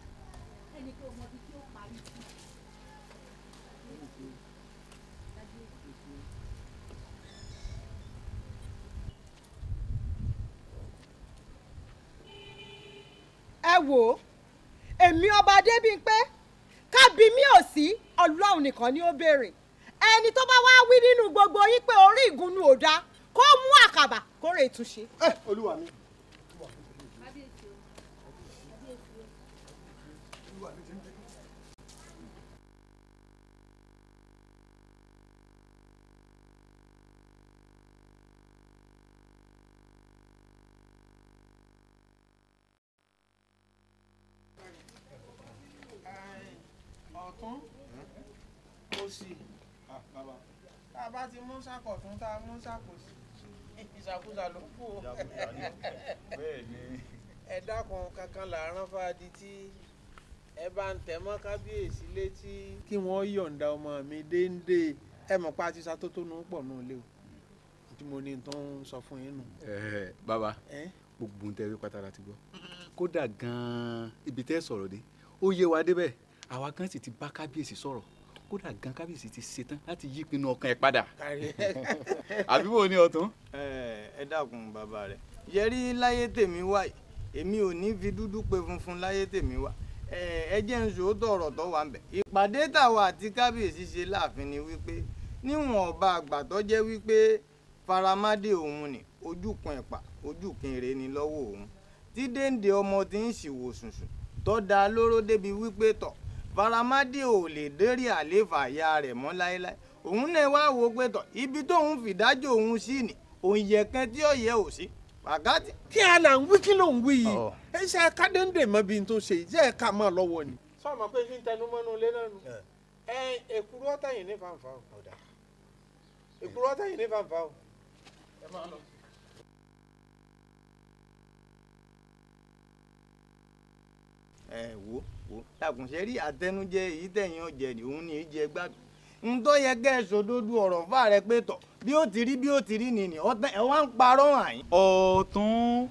wò ó èmi ọba adébímpé kábí mi ò sí ọlọ́run nìkan ni ó béèrè ẹni tó bá wá wí nínú gbogbo yín pé orí ìgúnnu ò dáa kó mú àkàbà kó rè túnṣe. ẹ eh, olúwa mi ń ṣàkóso ìṣàkóso ló ń bò kankan là rán fáadì tí ẹ bá ń tẹ̀ kábíyèsí létí kí wọ́n yọ̀ǹda ọmọ mi déńdé ẹ mọ̀ pa àti satótónu pọ̀ náà lé o tí mo ní tó ń sọ fún yín nù. bàbá gbogbo tẹ rí pátá láti gbọ́ kódà gan ibi tẹ́ sọ̀rọ̀ dé ó yé wa débẹ̀ àwa kan sì ti bá kábíyèsí sọ̀rọ̀ kódà gan kábíyèsí ti ṣetán láti yí pinnu ọkàn ẹ padà <laughs> àbí wo ni ọtún. ẹ dákun bàbá rẹ yẹrí láyé tèmi wá èmi ò ní fi dúdú pe funfun láyé tèmi wá ẹ jẹ́ ń sòótọ́ ọ̀rọ̀ tó wà ń bẹ̀. ìpàdé tàwa àti kábíyèsí ṣe láàfin ni wípé níwọ̀n ọba àgbà tó jẹ́ wípé faramádé òun ni ojúkan ẹ̀pà ojúkinre ni lọ́wọ́ òun tí déńdé ọmọ ti ń ṣìwò sùnsùn tó da lóró débi wípé tọ̀ faramádé ò lè dérí àléfà ìyá rẹ̀ mọ́ láéláé òun náà wá wo pé tọ̀ ibi tóun fìdájọ́ òun sí ni òun yẹ kan tí ọ̀yẹ́ ò sí wákàtí. kí a là ń wí kí ló ń wí yìí ẹ ṣe kádéǹdè mọ bí n tó ṣe yìí ká máa lọ́wọ́ ni. sọ́ọ̀mọ́ pé fi ń tẹnu mọ́nú ilé náà nù ẹ èkúrú ọ̀tẹ̀yìn ní fanfa o èkúrú ọ̀tẹ̀yìn ní fanfa o ẹ wo wò dàkún ṣe rí àtẹnujẹ èyí tẹ̀yìn ọ̀jẹ̀ ni òun ní í jẹ gbádùn n tó yẹ kẹ́ ẹ ṣòdodo ọ̀rọ̀ fà rẹ pé tọ̀ bí ó ti rí bí ó ti rí nìyí ọ̀tẹ̀ ẹ wá ń parọ́ àyín. ọ̀tún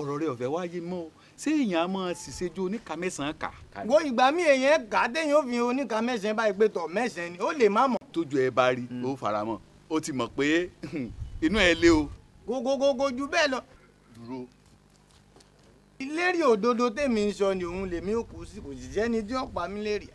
ọ̀rọ̀ rẹ ọ̀fẹ́ wáyé mọ́ o ṣé èèyàn á máa ṣiṣẹ́ ju oníka mẹ́sàn-án kà. wo ìgbà mi èèyàn kà á téèyàn ó fi oníka mẹ́sàn-án báyìí pé tọ̀ mẹ́sàn-án ni ó lè má mọ̀. tójú ẹ bá rí ó fara mọ́ ó ti mọ̀ pé inú ẹ lé o. gogogogo ju bẹ́ẹ̀ lọ. dúró ìlérí òdodo tèmi ń sọ ni òun lèmi ò kú sí kò sì jẹ́ni tí ọ̀pá mi lè rí.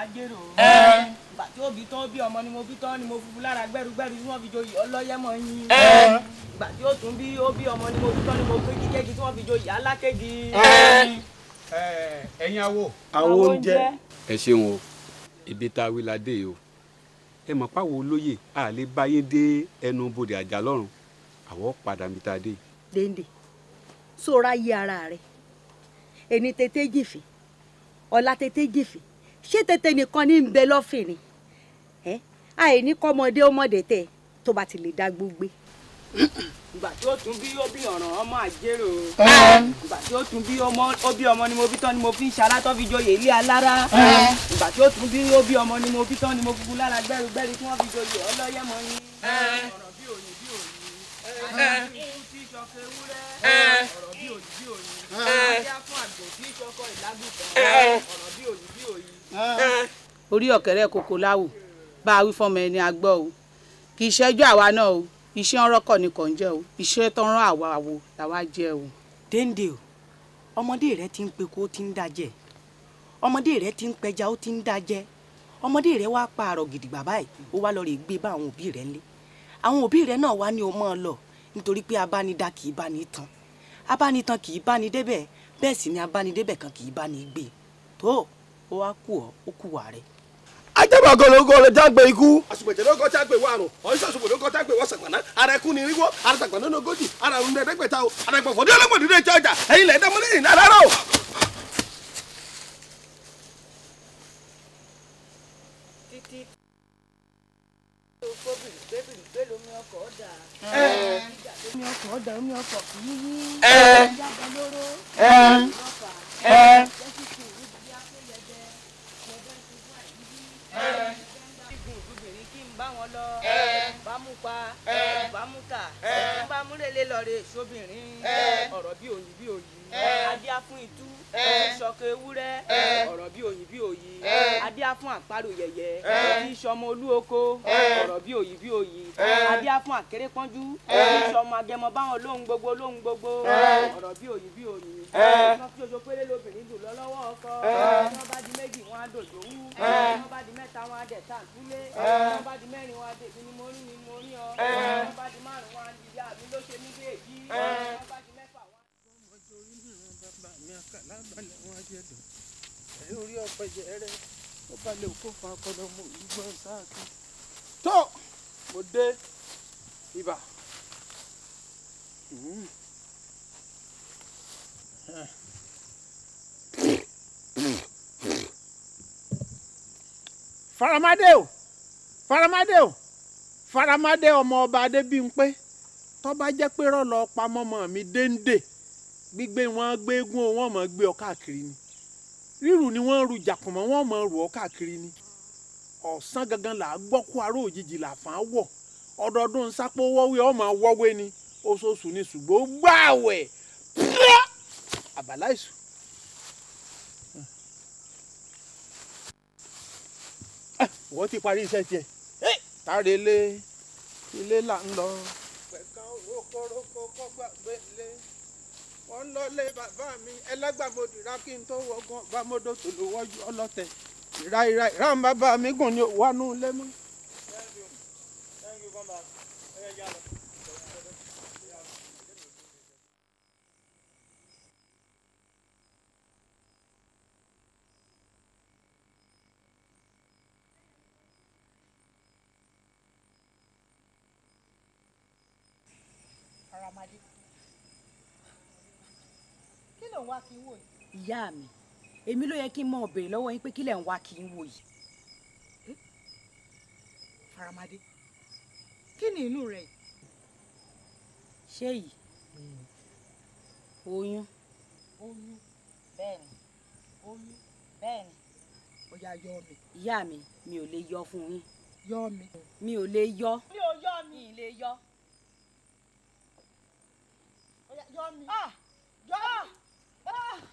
lájèrò ìgbà tí òbí tó bí ọmọ ni mo bí tán ni mo fufu lára gbẹrúgbẹrú tí wọ́n fi joyè ọlọ́yẹ́mọ̀ yín ìgbà tí ó tún bí ó bí ọmọ ni mo bí tán ni mo pé kíkéjì tí wọ́n fi joyè alákéjì. ẹ̀yin awo. awo oúnjẹ. ẹ ṣeun o ibi tá a wí la dé yìí o ẹ mọ̀ pàwọ́ olóyè a lè báyé dé ẹnu bodè àjà lọ́rùn àwọ̀ padà mi tá dé. dèndé sóra yí ara rẹ ẹni tètè jìfì ọlá tètè jìfì ṣé tètè nìkan ní bẹ lọ́fìn ni ẹ àìní kọ́mọdé ọmọdé tẹ tó bá ti lè dá gbogbo ìgbà tí ó tún bí ó bí ọ̀ràn ọmọ àjèrò ìgbà tí ó tún bí ó bí ọmọ ni mo bí tán ni mo fi ń ṣe alátọ́fíjọyè ilé alára ìgbà tí ó tún bí ó bí ọmọ ni mo bí tán ni mo fúnfún lára gbẹ́rùgbẹ́rù tí wọ́n fi joyè ọlọ́yẹ̀mọ ni ọ̀rọ̀ bí òní bí òní ẹ̀ẹ́dẹ́gbẹ̀rún tí ìṣọ̀kọ ewúrẹ́ ọ̀rọ̀ bí òní bí òní ajá fún àgbò tí ìṣọ̀kọ ìlágùn ọ̀rọ̀ bí òní bí òní orí ọ̀kẹ́rẹ́ kòkó láwù bá a wí fọmọ ẹni àgbọ̀ o kì í ṣẹ́jú àwa náà o iṣẹ́ ọ̀rọ̀kọ̀ ni kò ń jẹ́ o iṣẹ́ tó àwa wo làwa jẹ́ o. dénde o ọmọdé rẹ ti ń peko ó ti ń dajẹ ọmọdé rẹ ti ń pẹja ó ti ń dajẹ ọmọdé rẹ wá pa àrọ gidi bàbá ẹ ó wá lọ rè gbé bá àwọn òbí rẹ ńlé àwọn òbí rẹ náà wá ní o máa lọ nítorí pé abánidá kì í báni tán abánitan kì í báni débẹ̀ bẹ́ẹ̀ sì ni abánidébẹ̀ kan kì í báni gbé tó ó wá kù ọ́ ó kù wà rẹ̀. ajẹ́bà kan ló kọ́ lè jágbe ikú. àsùpẹ̀jẹ̀ ló kọ́ jágbe wọ àrùn ọ̀yìn sàṣùpẹ̀ ló kọ́ jágbe wọ sàgbàná ara ẹkún ni irinwó ara sàgbàná ní ogójì ara àrùn ní ẹ̀ẹ́dẹ́gbẹ̀ta o ara ìgbọ̀fọ̀ ní ọlọ́gbọ̀n nínú ẹ̀jẹ̀ ọjà ẹ̀yin lẹ̀ dẹ́mọ́lì yìí náà rárá o. títí omi ọkọ̀ ọ̀dà omi No bámúpa bámúta bámúlélé lọrẹ sóbìnrin ọ̀rọ̀ bí òyìn bí òyìn adíá fún itú ìṣọkẹ ewúrẹ́ ọ̀rọ̀ bí òyìn bí òyìn adíá fún àparò yẹ̀yẹ́ ìṣọmọ olú oko ọ̀rọ̀ bí òyìn bí òyìn adíá fún àkéré pọ́njú ìṣọmọ agẹmọ báwọn lóhun gbogbo lóhun gbogbo ọ̀rọ̀ bí òyìn bí òyìn wọn fi ojo péré lóbìnrin dùn lọ lọ́wọ́ ọkọ wọn bá di méjì wọn á dòdò wú wọn bá di mẹ́ta wọn á dẹ̀ tàǹtúlé wọn bá di mẹ́rin wọn á dè mí ni mo rí ni mo lórí tó mo dé ibà. faramade o faramade ọmọ ọba adébímpé tó bá jẹ́ pé dende gbigbe mi gbígbé wọn gbé eégún wọn mọ̀ gbé ọ káàkiri ni rírù ni wọn ru jàkùnmọ́ wọn mọ rú ọ káàkiri ni gangan là á gbọ́ kó aró òjijì là fà á ọdọọdún sápó ọmọ wọwé ni oṣooṣù ni ṣùgbọ́n gbààwẹ̀ àbálá ìṣù. wọ́n ti parí iṣẹ́ tiẹ̀. tárelé ilé là ń lọ. pẹ̀kan rokoroko kọ́gbà gbélé wọ́n lọ lé bàbá mi ẹlẹ́gbàmodì rà kí n tó wọgbọ́n bámodò tó ló wọ́jú ọlọ́tẹ̀ mi gùn ní kí n wò yìí. ìyá mi èmi ló yẹ kí n mọ ọbẹ̀ lọ́wọ́ yín pé kílẹ̀ ń wá kí n wò yìí. faramade kí ni inú rẹ ṣé yìí hmm. oyún. oyún bẹ́ẹ̀ ni oyún bẹ́ẹ̀ ni. ó yá yọ mi. ìyá mi mi ò lè yọ fún yín. yọ mi. mi ò lè yọ. mi ò yọ mi. mi ì lè yọ. yọ mi. ah yọ mi. Ah. Ah!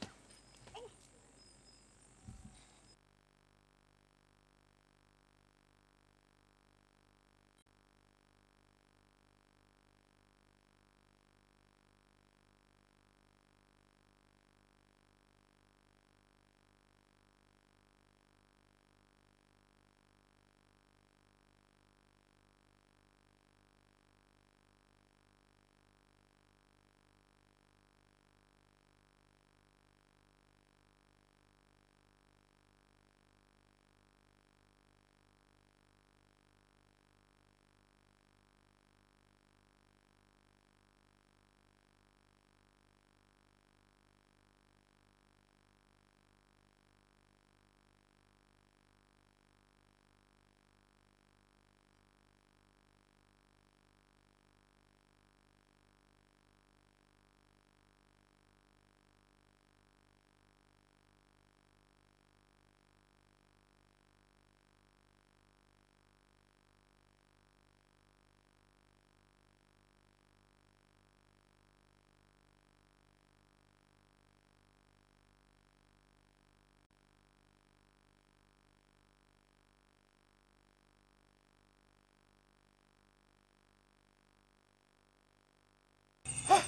ilẹ̀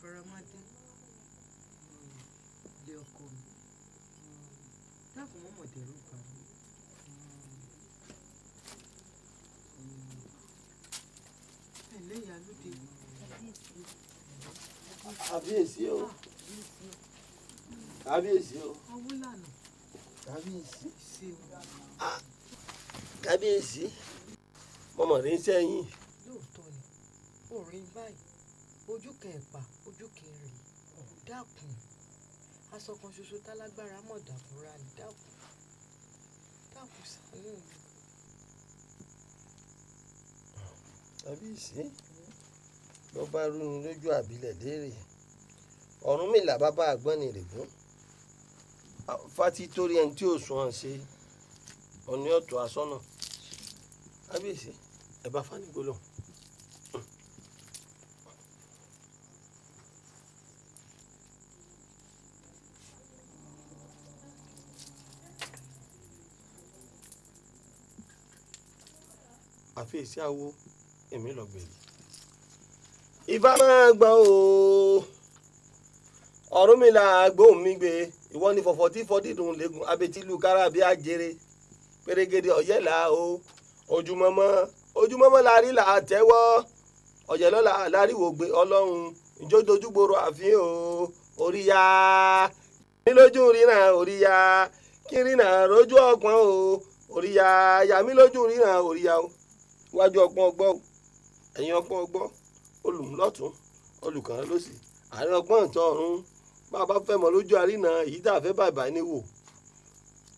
faramádé ilé ọkọ mi dákun mọ́mọ́ dẹ̀rù bà mí. ẹ̀lẹ́yà lóde. àbíyèsí o. Ah, àbíyèsí o kábíyèsí o. ọwúlànà. kábíyèsí. Ah, kábíyèsí mo mọ̀ ní sẹ́yìn. lóòótọ́ ni òòrùn báyìí ojú kẹẹ̀pà ojú kẹrin dákun aṣọ kan ṣoṣo tálágbára mọ̀ dàbúrà ni dákun dákun ṣàánú mi. kábíyèsí ló bá rúni lójú àbílẹ̀ léèrè ọ̀rúnmìlà bàbá àgbọ́nni règún fati torí ẹni tí ò sùn hàn ṣe ọ̀ní ọ̀tọ̀ asọ́nà kábíyèsí ẹ bá fani gbólọ̀. àfiyèsí àwo èmi lọ gbèrè. ìbá o ọ̀rùn mi là gbóhùn mi gbé ìwọ ni fọ̀fọ̀ tí fọdídùn lẹ́gùn abẹ́tílù kárábí àjèrè pérégede ọ̀yẹ́là o ojúmọ́mọ́ ojúmọ́mọ́ la rí là á tẹ́wọ́ ọ̀yẹ́lọ́la aláríwò gbé ọlọ́run ìjódojúgboro àfihàn o oríyá mílójú ríran oríyá kírínà rojú ọgbọ́n o oríyá yàmílójú ríran oríyá o wájú ọgbọ́n ọgbọ́ o ẹ̀yìn ọgbọ́n ọgbọ́ olùmúlọ́tún olùkànlọ́sì àárín ọgbọ́n ìtọ́ ọ̀run bá a bá fẹ́ mọ̀ lójú àríná èyí tá a fẹ́ bàbá ní wò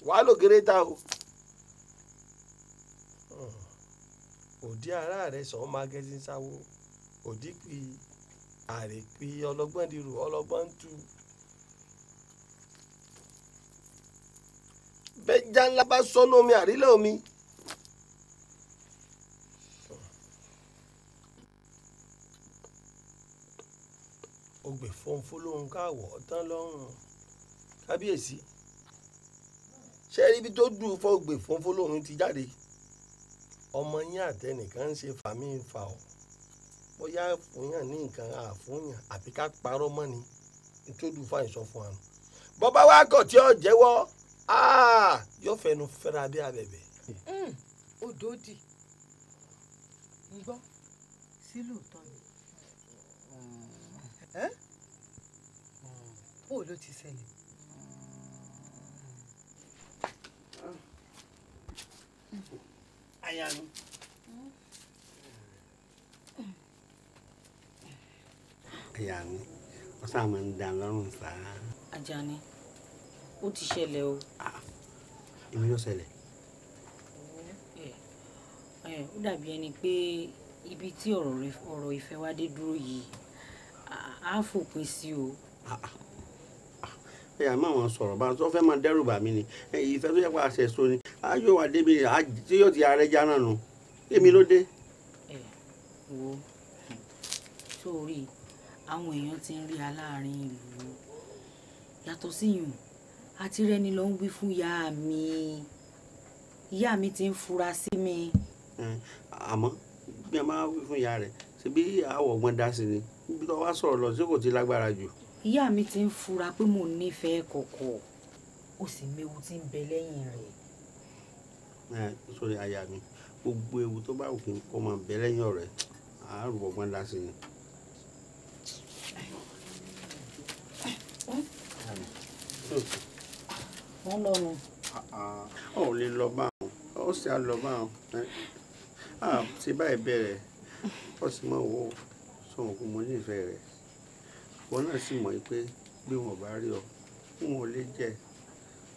wàá lò kéré ta o. òdí ara rẹ sọ magazine sáwó òdí pé àrè pé ọlọ́gbọ́n dirò ọlọ́gbọ́n ń tu. bẹ́ẹ̀ já ńlá bá omi àrílẹ̀ omi. ogbè fọ́nfọ́n lòun káwọ̀ tán lọ́rùn kábíyèsí ṣé ibi tó dùn fọ́ ogbè fọ́nfọ́n lòun ti jáde ọmọ yín àtẹnìkan ń ṣe fàmí fa ọ bóyá fúnyàn ní nǹkan àfúnyàn àbí ká parọ́ mọ́ ni tó dùn fáyín sọ fún wa nù bọ́bá wa kọ̀ tí ó jẹ́wọ́ yóò fẹnu fẹ́ra bí abẹ̀bẹ̀. odò hmm, dì ń gbọ́ sílùú tán ni Hmm. bó ló ti ṣẹlẹ̀. aya mi. aya mi ó sáà máa ń dá lọ́rùn sáá. Àjàní ó ti ṣẹlẹ̀ o. èmi ló ṣẹlẹ̀. ó dàbí ẹni pé ibi tí ọ̀rọ̀ ìfẹ́ wa dé dúró yìí á fòpin sí o. Ah, ah, ah, ẹ àmọ́ àwọn sọ̀rọ̀ bá sọ fẹ́ máa dẹ́rù bà mí ni ìfẹ́ tó yẹ kó àṣẹ so ni a yóò wá débi tí yóò ti ààrẹ já náà nù èmi ló dé. ẹ wo sórí àwọn èèyàn ti ń rí aláàárín ìlú yàtọ̀ síyùn àti rẹni ló ń wí fún ìyá mi ìyá mi ti ń fura sí mi. àmọ́ bí a máa wí fún ìyá rẹ̀ ṣe bí àwọ̀ ọgbọ́n dá sí ni níbi tó wá sọ̀rọ̀ lọ sí kò ti lágbára jù. ìyá mi ti ń fura pé mo nífẹ̀ẹ́ kọ̀kọ̀ ó sì méwu tí ń bẹ lẹ́yìn rẹ̀. ẹ sọ̀rọ̀ àyà mi gbogbo ewu tó bá òkun kọ́ máa bẹ lẹ́yìn ọ̀rẹ́ àárò ọgbọ́n dá sí ni. wọ́n lọ nù. ọ̀ lè lọ bá wọn ó sì á lọ bá wọn ṣe báyìí bẹ̀rẹ̀ ó sì mọ̀ wọ́n sọ wọn kó mo nífẹ̀ẹ́ rẹ wọn náà sì mọ̀ pé bí wọn bá rí ọ wọn ò lè jẹ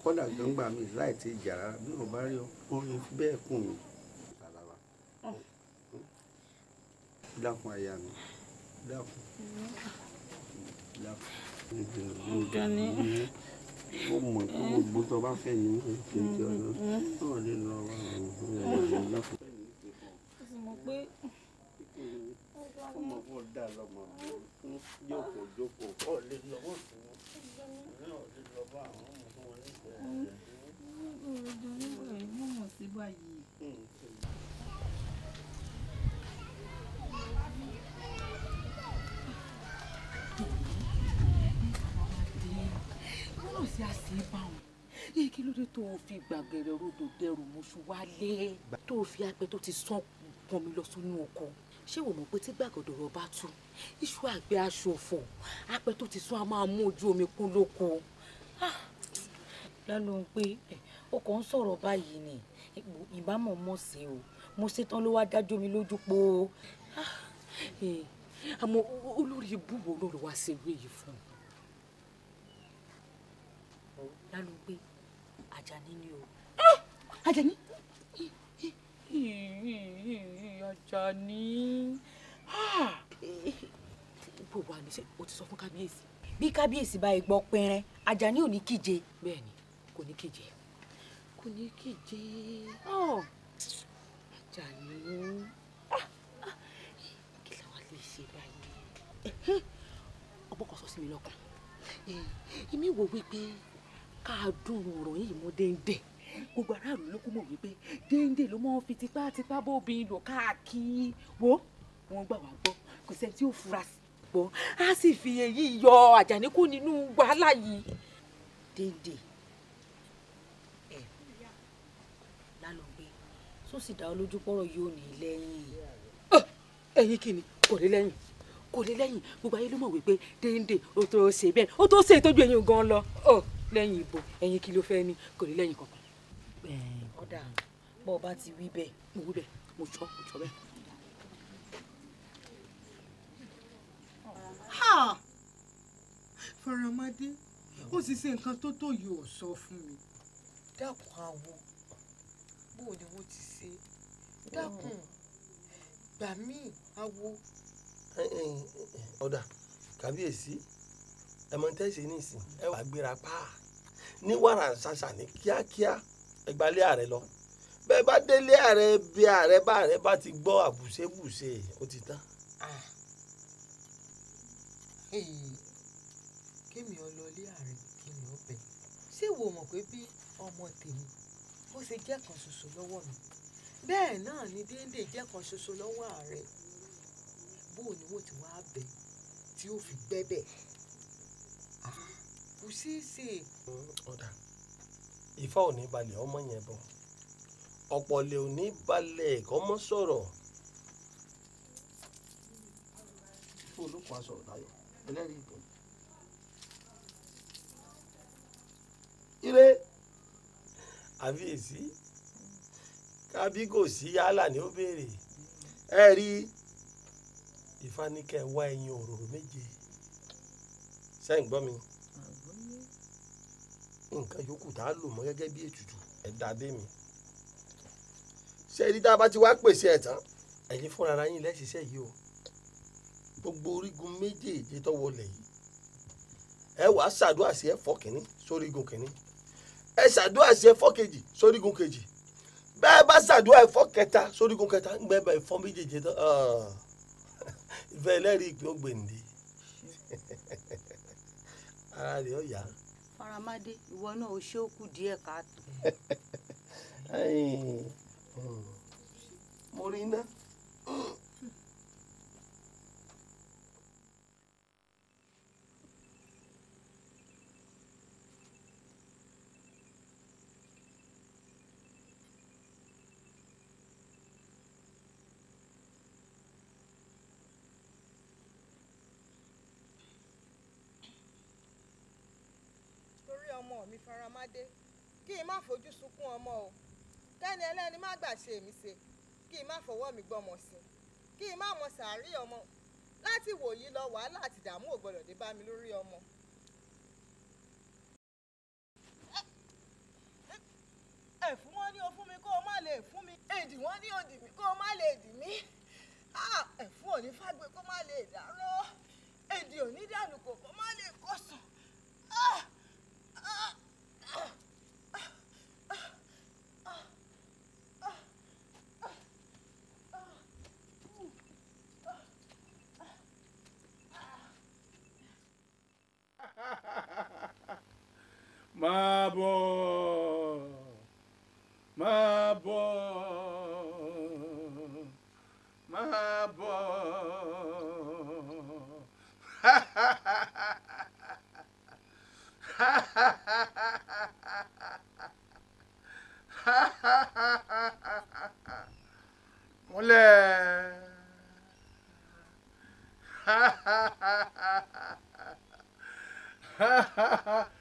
kọ́dà gbangba mi láì tí ì jà rárá bí wọn bá rí ọ wọn ò bẹ́ẹ̀ kùn mí. dákun aya mi dákun dákun ó mọ̀ pé gbogbo tó bá fẹ́ ni ó fi ti ọ̀nà náà lè lọ wá ọ̀hún ọ̀hún dákun. mo mọ̀ ọmọ kò dá lọmọ fún jókòó jókòó kò lè lọ́wọ́ tó ní ọ̀lẹ́ lọ́wọ́ àwọn ọmọ tó wọn nífẹ̀ẹ́ rẹ̀. ọjọ́ nínú ẹ̀ mú mọ̀ sí báyìí. wọ́n náà sì á sí báwọn ní kí ló dé tó o fi gbàgẹ̀rẹ̀ rodò dẹrù mọ́ṣú wálé tó o fi apẹ tó ti sàn pọnmi lọ sínú oko ṣé wò mọ̀ pé tí gbàgòdò rọ bá tú iṣu àgbẹ̀ aṣòfò apẹ tó ti sún a máa mú ojú omi kún lóko. Ah! lálọ́ ń pé ó eh, kàn ń sọ̀rọ̀ báyìí ni ìbámu mọ̀ sí o mo ṣetán ló wá dájú mi lójú po. Ah! Eh, àmọ́ olórí ibùwò olórí wa ṣe ìwé yìí fún un. lálọ́ ń pé Àjàní ni o. Ah! Àjàní. Eh, Àjàní. bó wà ní ṣe o ti sọ fún kábíyèsí. bí kábíyèsí bá gbọ́ pẹ́rẹ́ Àjàní ò ní kíje. bẹ́ẹ̀ni kò ní kíje. kò ní kíje. Oh! Àjàní ah! kí làwọn lè ṣe báyìí. ọgbọ́n kan sọ sí mi lọ́kàn. èmi wò wípé ká dùn ọ̀rọ̀ yìí mọ́ déńdé gbogbo aráàlú ló kún mọ̀ wípé déńdé ló mọ́ fi tipátipá bóbin lò káàkiri wo wọn gbà wá gbọ́ kò sẹ́ni tí ó fura sí gbọ́ á sì fi èyí yọ àjàníkù nínú wàhálà yìí déńdé ẹ̀ lálọ́gbé tó sì dá olójú pọ́rọ̀ yóò ní lẹ́yìn ẹ̀yìn kìíní kò ní lẹ́yìn kò lè lẹ́yìn gbogbo ayé ló mọ̀ wípé déńdé ó tó ṣe bẹ́ẹ̀ ó tó ṣe ìtọ́jú ẹ̀yìn gan-an lọ lẹ́yìn ìbò ẹ̀yìn kí ló fẹ́ ni kò lè lẹ́yìn kankan ọ̀dà bọ́ ọ bá ti wí bẹ́ẹ̀ mo wí bẹ́ẹ̀ mo sọ mo sọ bẹ́ẹ̀. faramade ó sì ṣe nǹkan tó tó yìí ò sọ fún mi. dákun àwo bó ni wọ́n ti ṣe dákun gbà mí àwo. ọ̀dà kàbíyèsí ẹ̀mọ̀ntẹ́sì nìsín ẹ wàá gbéra pa ní wàrà ṣàṣà ní kíákíá ẹgbàálé ààrẹ lọ bẹ́ẹ̀ bá délé ààrẹ bí ààrẹ bá ààrẹ bá ti gbọ́ àbùṣebùṣe ó ti tán. Ah. kémi ọlọlé ààrẹ kí n lọ bẹ ṣé wo mọ̀ pé bí ọmọ tèmi ó ṣe jẹ́ kan ṣoṣo lọ́wọ́ mi bẹ́ẹ̀ náà ni déédéé jẹ́ kan ṣoṣo lọ́wọ́ ààrẹ bó ni wọ́n ti wá bẹ̀ tí ó fi gbẹ́bẹ̀ ah, kò ṣeé ṣe. ọ̀dà. Mm, Ifá ò ní balẹ̀ ọmọ yẹn bọ̀ ọ̀pọ̀lẹ̀ ò ní balẹ̀ ọmọ sọ̀rọ̀ fún olóko asọ̀rọ̀ láyọ̀ ẹlẹ́rìí ìgbọ̀n. ire àfiyèsí kábí kò sí yálà ni ó béèrè ẹ rí Ifá ní kẹ́ ẹ wá ẹyin òróró méje sẹ́yìn gbọ́ mi nǹkan yòókù tá a lò mọ́ gẹ́gẹ́ bí ètùtù ẹ̀dá bẹ́mi. ṣé ẹni tá a bá ti wá pèsè ẹ̀ tán ẹ̀yin fúnra ara yín lẹ́sìṣẹ́ yìí o gbogbo orígun méjèèjì tó wọlé yìí ẹ wàá ṣàdúrà sí ẹ̀fọ́ kìnní sórígun kìnní ẹ ṣàdúrà sí ẹ̀fọ́ kejì sórígun kejì bẹ́ẹ̀ bá ṣàdúrà ẹ̀fọ́ kẹta sórígun kẹta ń gbẹ́ bá ẹ̀fọ́ méjèèjì tán ìfẹ́ ẹlẹ́rìí ìpín ògbèǹde <laughs> ara rẹ̀ ọ̀yà faramádé ìwọ náà o ṣe ó kù díẹ̀ káàtó. <laughs> Hmm. mo rí iná dé kí n má fojú sunkún ọmọ o kẹ́ni ẹlẹ́ni má gbà ṣe èmi ṣe kí n má fọwọ́ mi gbọ́mọ sí kí n má mọ sàárì ọmọ láti wòyí lọ wàhálà àti ìdààmú ò gbọdọ̀ dé bá mi lórí ọmọ. ẹ wọn ní o fún mi kó o má lè fún mi èdì wọn ní òdì mi kó o má lè dì mí ẹ òní fágbé kó má lè dárò èdè òní dànù kò kó má lè kó sùn. my boy, my boy, my boy. <laughs> Mulher. <laughs> Ha ha ha ha ha ha ha ha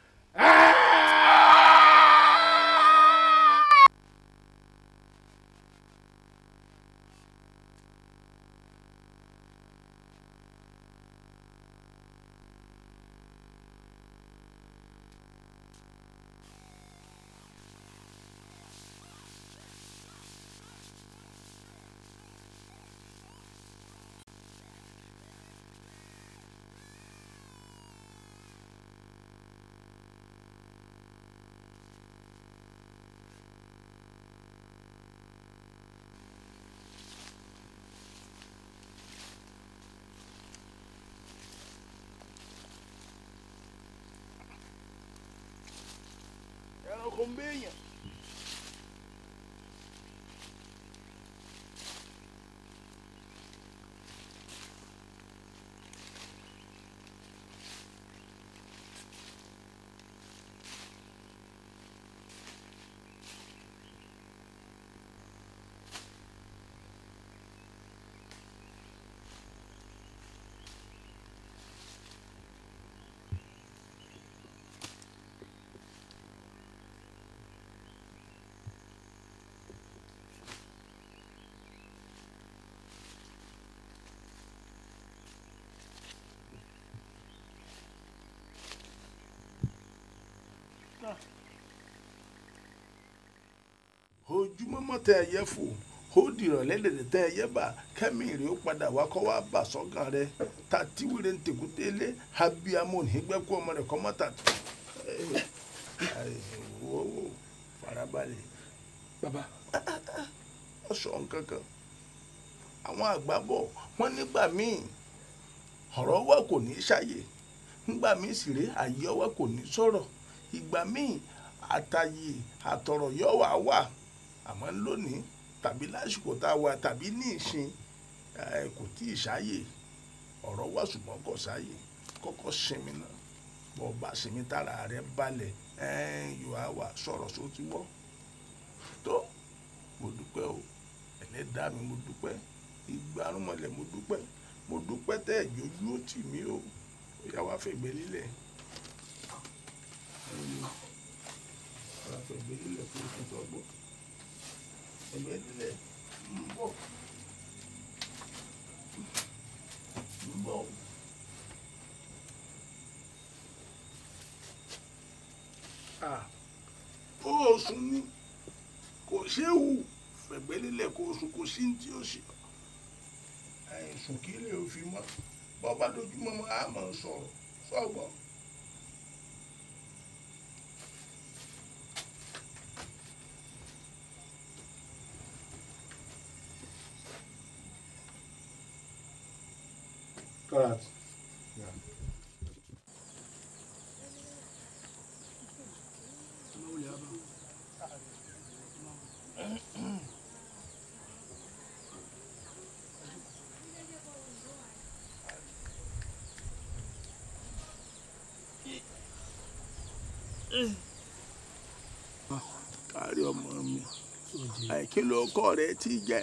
Combenha. ojúmọ́mọ́ tẹ ẹyẹ fò ó dìrọ̀lẹ́ lè tẹ ẹyẹ bà kẹ́mi rèé ó padà wá kọ́ wá bà rẹ ta tíwìrì ń tèkútélé abiyamọ nígbẹ́kú ọmọ rẹ̀ kọ́ mọ́ta wo wo farabalẹ̀. bàbá ọ sọ nǹkan kan àwọn àgbà bọ̀ kò ní í ṣàyè nígbà míì sì rèé kò ní í ìgbà míì àtàyè àtọ̀rọ̀ yóò wá wà àmọ́ lónìí tàbí lásìkò tá a wà tàbí ní ìsìn kò tí ì sáyè ọ̀rọ̀ wà ṣùgbọ́n kò sáyè kọ́kọ́ sinmi náà bọ́ bá sinmi tára rẹ balẹ̀ yóò á wà sọ̀rọ̀ só wọ́ tó mo dúpẹ́ o ẹlẹ́dàá mi mo dúpẹ́ ìgbárùnmọ̀lẹ̀ mo dúpẹ́ mo dúpẹ́ tẹ́ ẹ̀jọ́jú ó tì mí o ó yá wá fègbè lílẹ̀ ọ̀rọ̀ pé gbẹ́dẹ́lẹ̀ kó o tó gbọ́ ẹgbẹ́dẹ́lẹ̀ ń bọ̀ ń bọ̀. oṣù ni kò séwu fẹ̀gbẹ́lélẹ̀ kó oṣù kò sí ti o ṣe àìsùn kí lè fi mọ́ bọ́ bá dojúmọ́ mọ́ àmọ́ sọ̀rọ̀ sọ́gbọ́n. Correct. Da. kárí ọmọ mi àìkí ló kọ rẹ tí jẹ.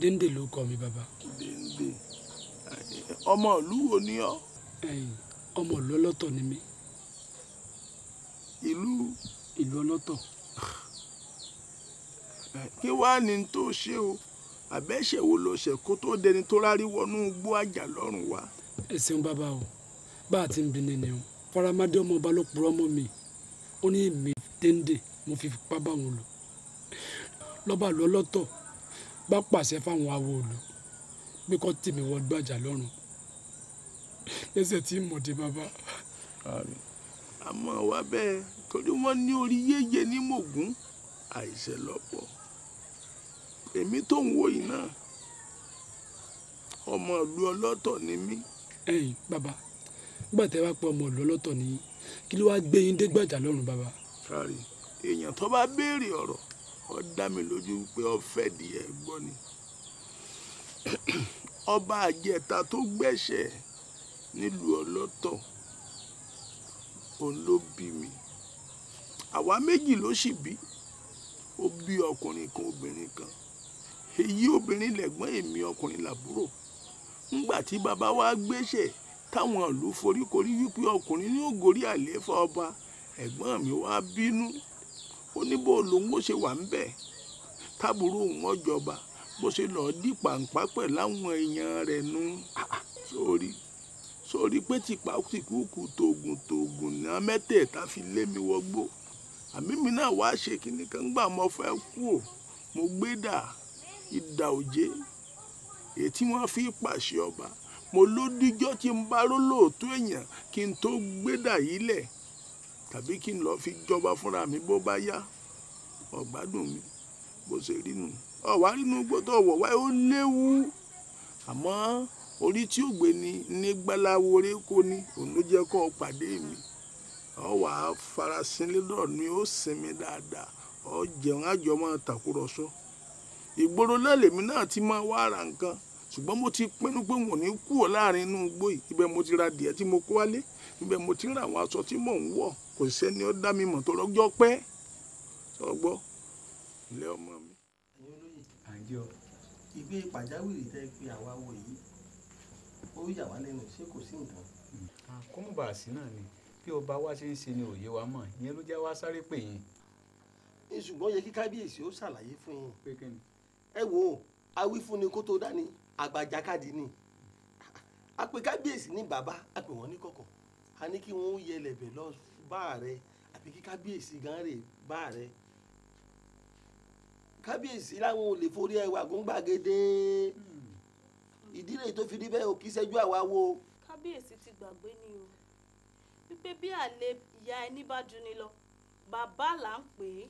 dèndé ló kọ mi bàbá ọmọ ìlú wo ni ọ. ọmọ ìlú ọlọ́tọ̀ ni mí. ìlú. ìlú ọlọ́tọ̀. kí wàá ní tó ṣe o àbẹ́ṣẹ̀ wo ló ṣe kó tó dẹni tó rárí wọnú igbó àjà lọ́rùn wa. ẹ ṣeun bàbá o bá a ti ń bi nìyẹn o faramade ọmọ ọba ló purọ́ mọ́ mi ó ní èmi déndé mo fi fipá bá wọn lò lọ́ba lọ́lọ́tọ̀ bá pàṣẹ fáwọn awo òlu bí kò tèmi wọ gbàjà lọ́rùn lẹ́sẹ̀ tí mo dé bàbá. àmọ́ wa bẹ́ẹ̀ torí wọ́n ní orí yéye ní mògún àìṣe lọ́pọ̀ èmi tó ń wo yìí náà ọmọ ìlú ọlọ́tọ̀ ni mí. ẹ̀yin bàbá nígbà tẹ́ wá pé ọmọ ìlú ọlọ́tọ̀ ni kí ló wáá gbé yín dé gbàjà lọ́rùn bàbá. kárí èèyàn tó bá béèrè ọ̀rọ̀ ó dá mi lójú pé ó fẹ́ di ẹ̀ gbọ́ ni <clears throat> ọba àjẹta tó gbẹ̀ṣẹ̀ nílùú ọlọ́tọ̀ òun ló bí mi àwa méjì ló sì bí ó bí ọkùnrin kan obìnrin kan èyí obìnrin lẹ̀gbọ́n èmi ọkùnrin làbúrò ńgbà tí bàbá wa gbéṣẹ̀ táwọn ìlú foríkorí wípé ọkùnrin ní ògòrí àléfà ọba ẹ̀gbọ́n mi wá bínú ó ní bó lòun ó ṣe wà ń bẹ̀ tábùrú òun ọjọba bó ṣe lọ́ọ́ dí pàǹpá pẹ̀ láwọn èèyàn rẹ̀ nú sórí. So, sórí pé tìpá tìkúùkù tògùn tògùn ní amẹ́tẹ̀ẹ̀ta fi lé mi wọgbó àmì mi náà wá ṣe kíní kan gbà mo fẹ́ kú o mo gbé dà ìdà òjé èyí tí wọ́n fi pàṣẹ ọba mo ló díjọ́ tí n bá rólóòótọ́ èèyàn kí n tó gbé dà yìí lẹ̀ tàbí kí n lọ́ọ́ fi jọba fúnra mi bó bá yá ọ̀gbádùn mi bó ṣe rí nù ọ̀wá rí gbọ́dọ̀ wọ̀ wáyé ó léwu àmọ́. orí tí ò gbé ni nígbàláwo orí kò ní òun ló kó pàdé mi ọ wà á farasin lédọ̀ ni ó sinmi dáadáa ọ jẹun àjọ máa tàkúrọ̀sọ ìgboro lẹ́lẹ̀mí náà ti máa wá ara nǹkan ṣùgbọ́n mo ti pinnu pé wọn ní kúrò láàrin inú igbó yìí ti ra tí mo kó wálé mo ti ra àwọn aṣọ tí mò ń wọ̀ kò ó dá mi mọ̀ tó ó yà wá lẹ́nu ṣé kò sí nǹkan. àkómọ̀bàṣí hmm. ah, náà ni bí ọba wa ṣe ń ṣe ni òye wa mọ̀ ìyẹn ló jẹ́ wá sáré pè yín. ní ṣùgbọ́n yẹ kí kábíyèsí ó ṣàlàyé fún yín. pé kí ni. ẹ wo awífúnni kó tó dání àgbàjákadì ni a pè kábíyèsí ní bàbá a pè wọ́n ní kọ̀kọ̀ a ní kí wọ́n yẹ lẹ̀bẹ̀ lọ bá rẹ àbí kí kábíyèsí gan rè bá rẹ kábíyèsí láwọn ò forí ẹwà gúngbàgede. Mm ìdí rèé tó fi rí bẹ́ẹ̀ o kì í ṣẹ́jú àwa wo. kábíyèsí ti gbàgbé ni o wípé bí àlè ìyá ẹni bá ju ni lọ bàbá là ń pè é.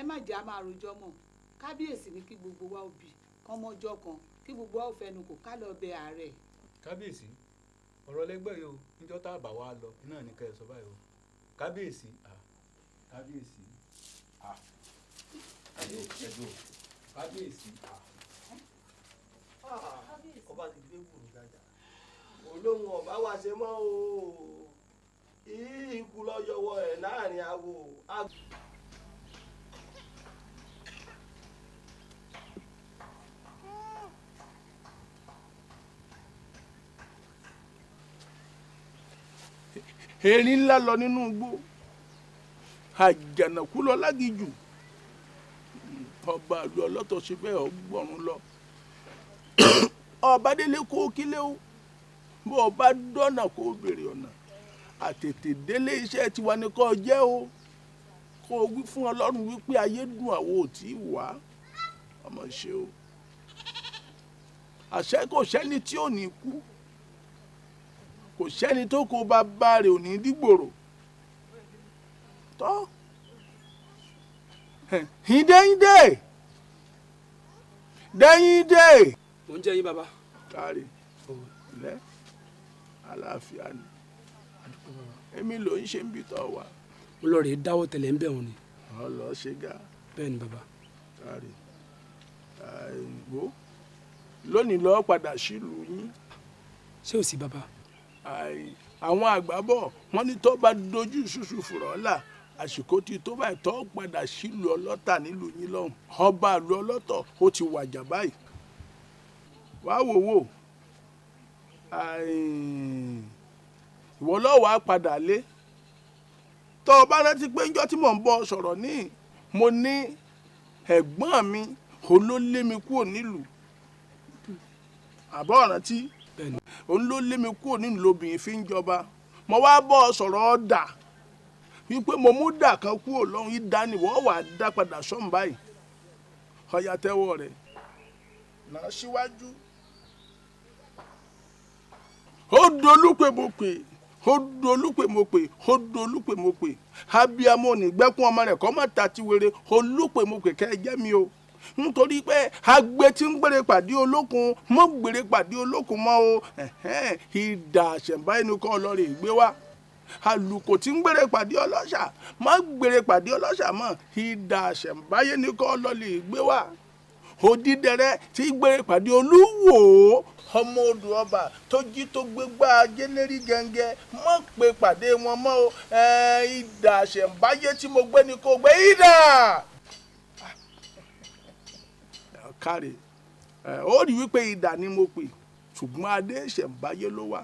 ẹ má jẹ́ a máa rojọ́ mọ̀ kábíyèsí ni kí gbogbo wa ò bì kọ́mọ́jọ́ kan kí gbogbo wa ò fẹnu kò ká lọ bẹ ààrẹ. kábíyèsí ọ̀rọ̀ lẹ́gbẹ́ yìí o níjọ́ tá a bá wa lọ náà ní kẹ́ ẹ sọ báyìí o kábíyèsí kábíyèsí kábíyèsí kábíyèsí bá ti gbé kùrù gàdà olóhùn ọ̀bá wa ṣe mọ́ o ikú lọ yọwọ́ ẹ̀ láàrin awo. erin ńlá lọ nínú igbó àjànàkú lọ lágìjù ọba àlù ọlọ́tọ̀ ṣe bẹ́ẹ̀ ọgbọ̀rún lọ ọ̀bádélé kó kílé o bó o bá dọ́nà kó o béèrè ọ̀nà àtètè délé iṣẹ́ tiwa ni kò jẹ́ o kó o wí fún ọlọ́run wípé ayé dùn àwo ò wá ọmọ ṣe o àṣẹ kò sẹ́ni tí ò ní kú kò sẹ́ni tó kó bàbá rẹ̀ ò ní dìgbòrò tọ́ hìndéhìndé dẹ́yìndé mò ń jẹ́ yín bàbá. káre lẹ àlàáfíà ni èmi ló ń ṣe ń bí tọ́ wa. mo lọ rèé dáwọ́ tẹ̀lé ń bẹ̀ wọ́n ni. ọ lọ ṣe ga. bẹ́ẹ̀ ni bàbá. káre àìgbó lónìí lọ́ọ́ padà sílùú yín. ṣé ò sí bàbá. àwọn àgbà bọ̀ wọ́n ní tó bá dojú ṣùṣù fùrọ́là àsìkò tí tó báyìí tó padà sílùú ọlọ́tà nílùú yín lọ́hùn ọba àlù ọlọ́tọ̀ ó ti wàjà báyìí wàá wò wò ìwọ lọ́wọ́ á padà lé tó o bá rántí pé njọ́ tí mò ń bọ́ sọ̀rọ̀ ní mo ní ẹ̀gbọ́n mi òun ló lé mi kúrò nílùú àbọ̀ rántí òun ló lé mi kúrò nílùú lóbìnrin fi ń jọba mo wá bọ́ sọ̀rọ̀ ọ̀dà wípé mo mú dà kan kúrò lọ́hùn ìdánìwọ́ wà á dá padà sọ́hùn báyìí ọ̀yà tẹ́wọ́ rẹ̀ náà síwájú. Si ó dolú pé mo pè ó dolú pé mo pè ó dolú pé mo pè abiyamọ onígbẹkùn ọmọ rẹ̀ kọ́ má ta ti wèrè olúpè mo pè kẹ́ ẹ jẹ́ mi o nítorí pé agbe tí ń gbèrè pàdé olókun mọ́ gbèrè pàdé olókun mọ́ o ìdà àṣẹ̀mbá ẹnu kan ọlọ́rin ìgbé wa àlùkò tí ń gbèrè pàdé ọlọ́ṣà má gbèrè pàdé ọlọ́ṣà mọ́ ìdà àṣẹ̀mbáyé ni kọ́ ọlọ́lẹ̀ ìgbé wa òdídẹrẹ́ tí gbèrè pàdé olúwo ọmọ odò ọba tó jí tó gbé gbá ajé lérí gẹ́ngẹ́ mọ́ pé pàdé wọn mọ́ o ìdà àṣẹ̀ǹbáyé tí mo gbé ni kò gbé ìdà. káre ó rí wípé ìdà ni mo pè ṣùgbọ́n adé ìṣẹ̀ǹbáyé ló wà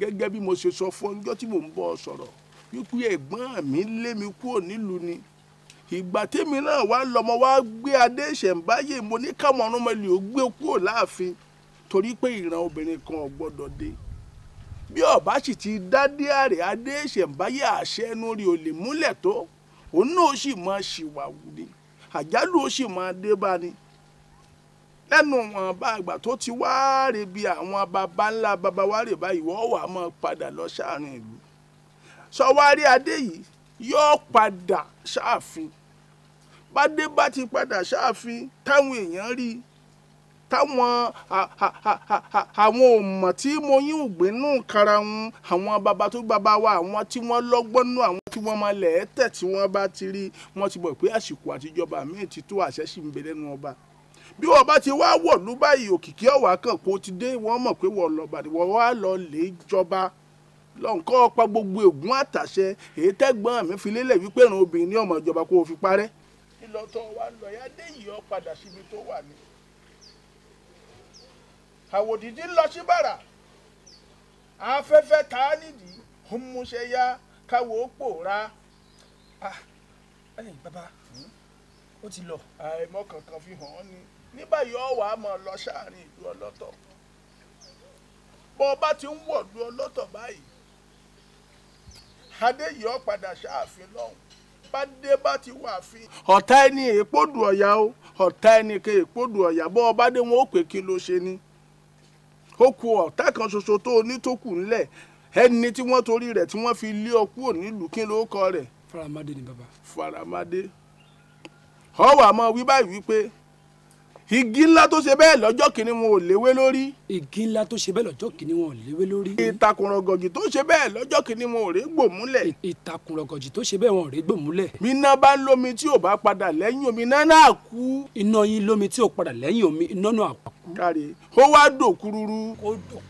gẹ́gẹ́ bí mo ṣe sọ fún ọjọ́ tí mò ń bọ́ ọ sọ̀rọ̀ wípé ẹ̀gbọ́n mi lé mi kúrò nílùú ni ìgbà tèmi náà wá lọ́mọ wá gbé adé ìṣẹ̀ǹbáyé mo ní káwọn ọ̀run mọ́lẹ̀ ò gbé kúrò láàfin torí pé ìran obìnrin kan ò gbọ́dọ̀ dé bí ọba sì ti dádé àrè adé ṣẹ̀ǹbáyé àṣẹ ẹnu rí olè múlẹ̀ tó òun náà sì máa ṣìwà wùdí àjálù ó sì máa dé bá ni lẹ́nu wọn bá àgbà tó ti wá rè bí àwọn baba ńlá baba wá rè báyìí wọ́n wà máa padà lọ sáàrin ìlú sọwárí adé yìí yóò padà sáàfin bádé bá ti padà sáàfin táwọn èèyàn rí i táwọn àwọn òmò tí mo yín ògbé nù kára ń àwọn baba tó baba wa àwọn tí wọ́n lọ́gbọ́n nù àwọn tí wọ́n máa lẹ̀ ẹ́ tẹ̀ tí wọ́n bá ti rí wọ́n ti bọ̀ pé àsìkò àtijọba mi ti tó àṣẹ sì ń bẹ lẹ́nu ọba bí wọ́n bá ti wá wọ̀lú báyìí òkìkí ọ̀wá kan kó ti dé wọ́n mọ̀ pé wọ́n lọ́ba wọ́n wá lọ lè jọba lọ́nkọ́ ọ̀pá gbogbo ègún àtàṣe èyí tẹ́gbọ́n mi fi lélẹ̀ wípé ìran obìnrin ní ọmọ ìjọba kó o fi parẹ́. ìlọtọ̀ wa lọ́yàdé yìí ọ padà síbi tó wà ní. àwòdìdí ń lọ sí bàrà afẹ́fẹ́ ta nídìí ó mú ṣe yá káwo pòórá. Ah, bàbá ó ti lọ. kankan fi hàn án ni ní báyìí wà á máa lọ sáàrin ìlú ọlọ́tọ̀ bọ́ ti ń wọ̀lú ọlọ́tọ̀ báyìí adé yìí ó padà ṣáàfin lọ́hùn bá dé bá ti wà ọ̀tá ẹni ọ̀yà o ọ̀tá ẹni ọ̀yà ó ku ọ̀tá kan ṣoṣo tó o ní tó kù ńlẹ̀ ẹni tí wọ́n torí rẹ̀ tí wọ́n fi lé ọ kúrò nílùú kí ló kọ rẹ̀. faramade ni baba. faramade. ọwọ́ àmọ́ wí wípé igi ńlá tó ṣe bẹ́ẹ̀ lọ́jọ́ kìíní wọn ò léwé lórí. igi ńlá tó ṣe bẹ́ẹ̀ lọ́jọ́ kìíní wọn ò léwé lórí. ìtàkùn rọ̀gọ̀jì tó ṣe bẹ́ẹ̀ lọ́jọ́ kìíní wọn ò rè gbòmúlẹ̀. ìtàkùn rọ̀gọ̀jì tó ṣe bẹ́ẹ̀ wọn ò rè gbòmúlẹ̀. iná bá ń lómi tí ò bá padà lẹ́yìn omi iná náà kú. iná yín lómi tí ò padà lẹ́yìn omi iná náà kú. káre ó wá dòkururu. kó dòkururu.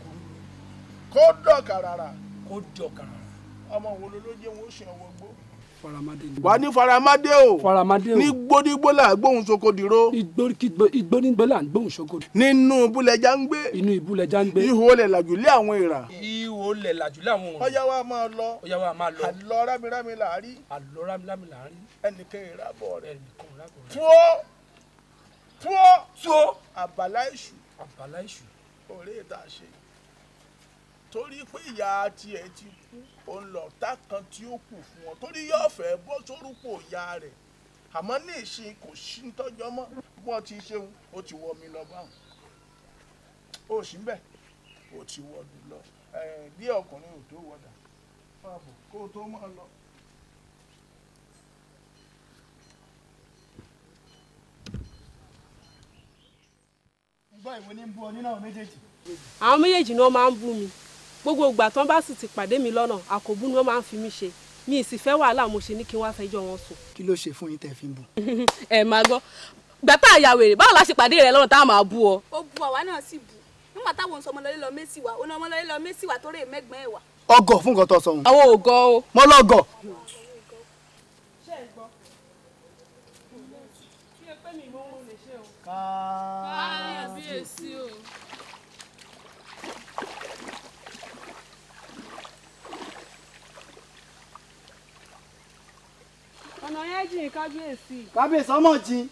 kó dọ̀kàràrà. kó dọ̀kàràrà. ọmọ wo ló ló jẹ́ wọn ó ṣe ọwọ́ gbó faramade ni. wà á ní faramade o. faramade o. ní gbódígbó là gbóhùn sokodiro. igbódígbó là ń gbóhùn sokodiro. nínú ibùlẹ̀já ń gbé. inú ibùlẹ̀já ń gbé. ihò lẹ̀ làjùlẹ̀ àwọn èèrà. ihò lẹ̀ làjùlẹ̀ àwọn èèrà. ọyá wa máa lọ. ọyá wa máa lọ. àlọ́ rámirámi là á rí. àlọ́ rámirámi là á rí. ẹnìkan ìrabọ̀ rẹ̀. ẹnìkan ìrabọ̀ rẹ̀. fúó fúó. tó. àbàlá ìṣù. àbàlá ìṣù. òré ìta ṣe torí pé ìyá tiẹ̀ ti kú òun lọ̀tá kan tí ó kù fún wọn torí yóò fẹ́ bọ́ sórúkọ ìyá rẹ̀ àmọ́ ní ìsìn kò sí tọ́jọ́ mọ́ bọ́ ti ṣeun ó ti wọ mi lọ báwọn ó sì ń bẹ̀ ó ti wọdù lọ bí ọkùnrin ò tó wọdà fàbọ̀ kó tó máa lọ. àwọn méjèèjì ni wọ́n máa ń bú mi gbogbo ìgbà tán bá sì ti pàdé mi lọ́nà àkóbú ni wọ́n máa ń fi mí ṣe mi ì sì fẹ́ wàhálà mo ṣe ní kí n wá fẹjọ́ wọn sùn. kí ló ṣe fún yín tẹ̀ fi ń bù. <laughs> ẹ máa gbọ́ gbàtà àyàwèrè báwo la ṣe pàdé rẹ lọ́nà tá a máa bú ọ. ó bu àwa náà sì bù nígbà táwọn sọmọ lọlé lọ mẹ́sì wá òun ọmọ lọlé lọ mẹ́sì wá tó rè mẹ́gbẹ́ ẹ̀ ọgọ fún nǹkan tó sọ wọn. àwọn ògọ o. mo lọ gọ. káàbíyèsí o. ọ̀nà yẹn jìn kábíyèsí. kábíyèsí ọmọ jìn. ọ̀rọ̀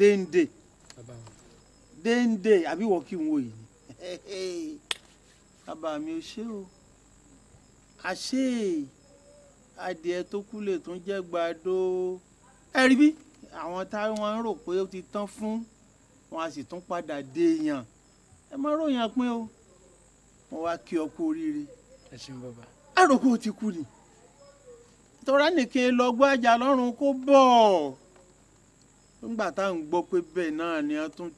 déńdé déńdé àbí wọ́n kí n wo yìí bàbá mi ò ṣe o àṣé adìẹ tó kú lè tún jẹ́ gbàdó ẹ rí bí àwọn táwọn ń rò pé ó ti tán fún wọn a sì tún padà dé èèyàn ẹ má ròyìn pín o mo wá kí ọ kú oríire ẹ ṣeun bàbá àròkọ ti kú ni tọ́ra nìkan lọ́gbọ́n àjà lọ́rùn kó bọ̀ ọ́ nígbà tá à ń pé bẹ́ẹ̀ náà ni wọ́n tún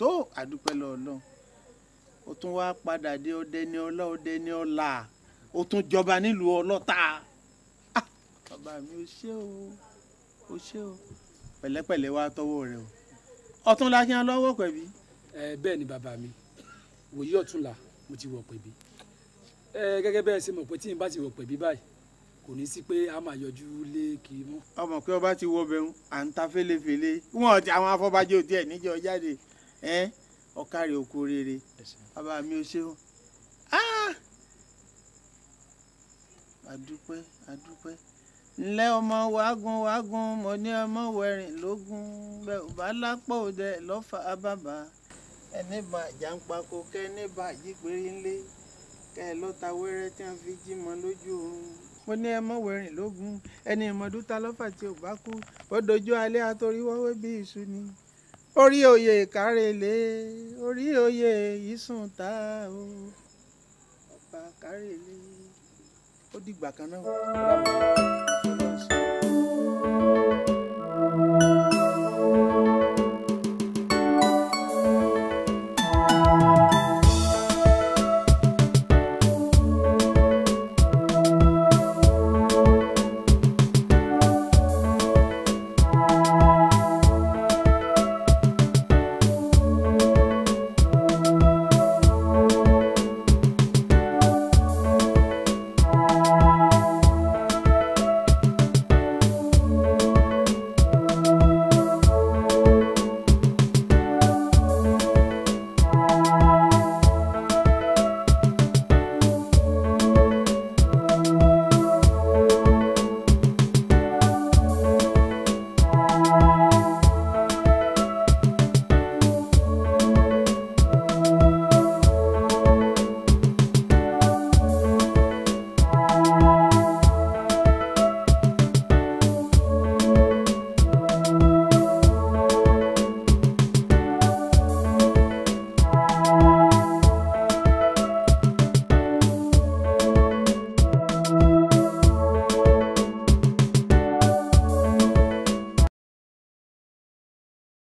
tó àdúpẹ́ lọ́ọ̀lọ́ ó tún wá padà dé ọdẹ ní ọlá ọdẹ ní ọlà ó tún jọba nílùú ọlọ́ta ah, bàbá mi ò ṣe o ò ṣe o pẹ̀lẹ́pẹ̀lẹ́ wá tọwọ́ rẹ o ọ̀tún la kí lọ́wọ́ pẹ̀bí. ẹ bẹ́ẹ̀ ni bàbá mi wòye ọ̀tún la mo ti wọ̀ pẹ̀bí ẹ gẹ́gẹ́ bẹ́ẹ̀ ṣe mọ̀ pé tí n bá ti wọ̀ pẹ̀bí báyìí kò ní sí pé a máa yọjú lé kiri mọ́. ọmọ pé ọba ti wọ bẹ̀rù à ń ta fẹ́lẹ́fẹ́lẹ́ wọn ti àwọn afọbajẹ òtí ẹ̀ níjọ jáde ọ̀kàrẹ̀ òkú rere bàbá mi ò ṣeun adúpẹ́ ah! adúpẹ́ ńlẹ́ ọmọ wàágùn wàágùn mo ní ọmọ wẹ̀rìn lógún bẹ́ẹ̀ ò bá lápò òde lọ́fà ábàbà ẹni bá jàǹpàkò kẹ́ ẹni bá jípẹ́rẹ́ ńlẹ́ kẹ́ ẹ lọ́ta wẹ́rẹ́ tí wọ́n fi jí mọ́ lójú oorun mo ní ẹ mọ̀ wẹ̀rìn lógún ẹni ìmọ̀dúta lọ́fà tí ò bá kú ó dojú alẹ́ àtòrí wọ́wé bí ìṣú ni orí oyè kárelé orí oyè ìsùn tá o ọba kárelé ó dìgbà kan náà.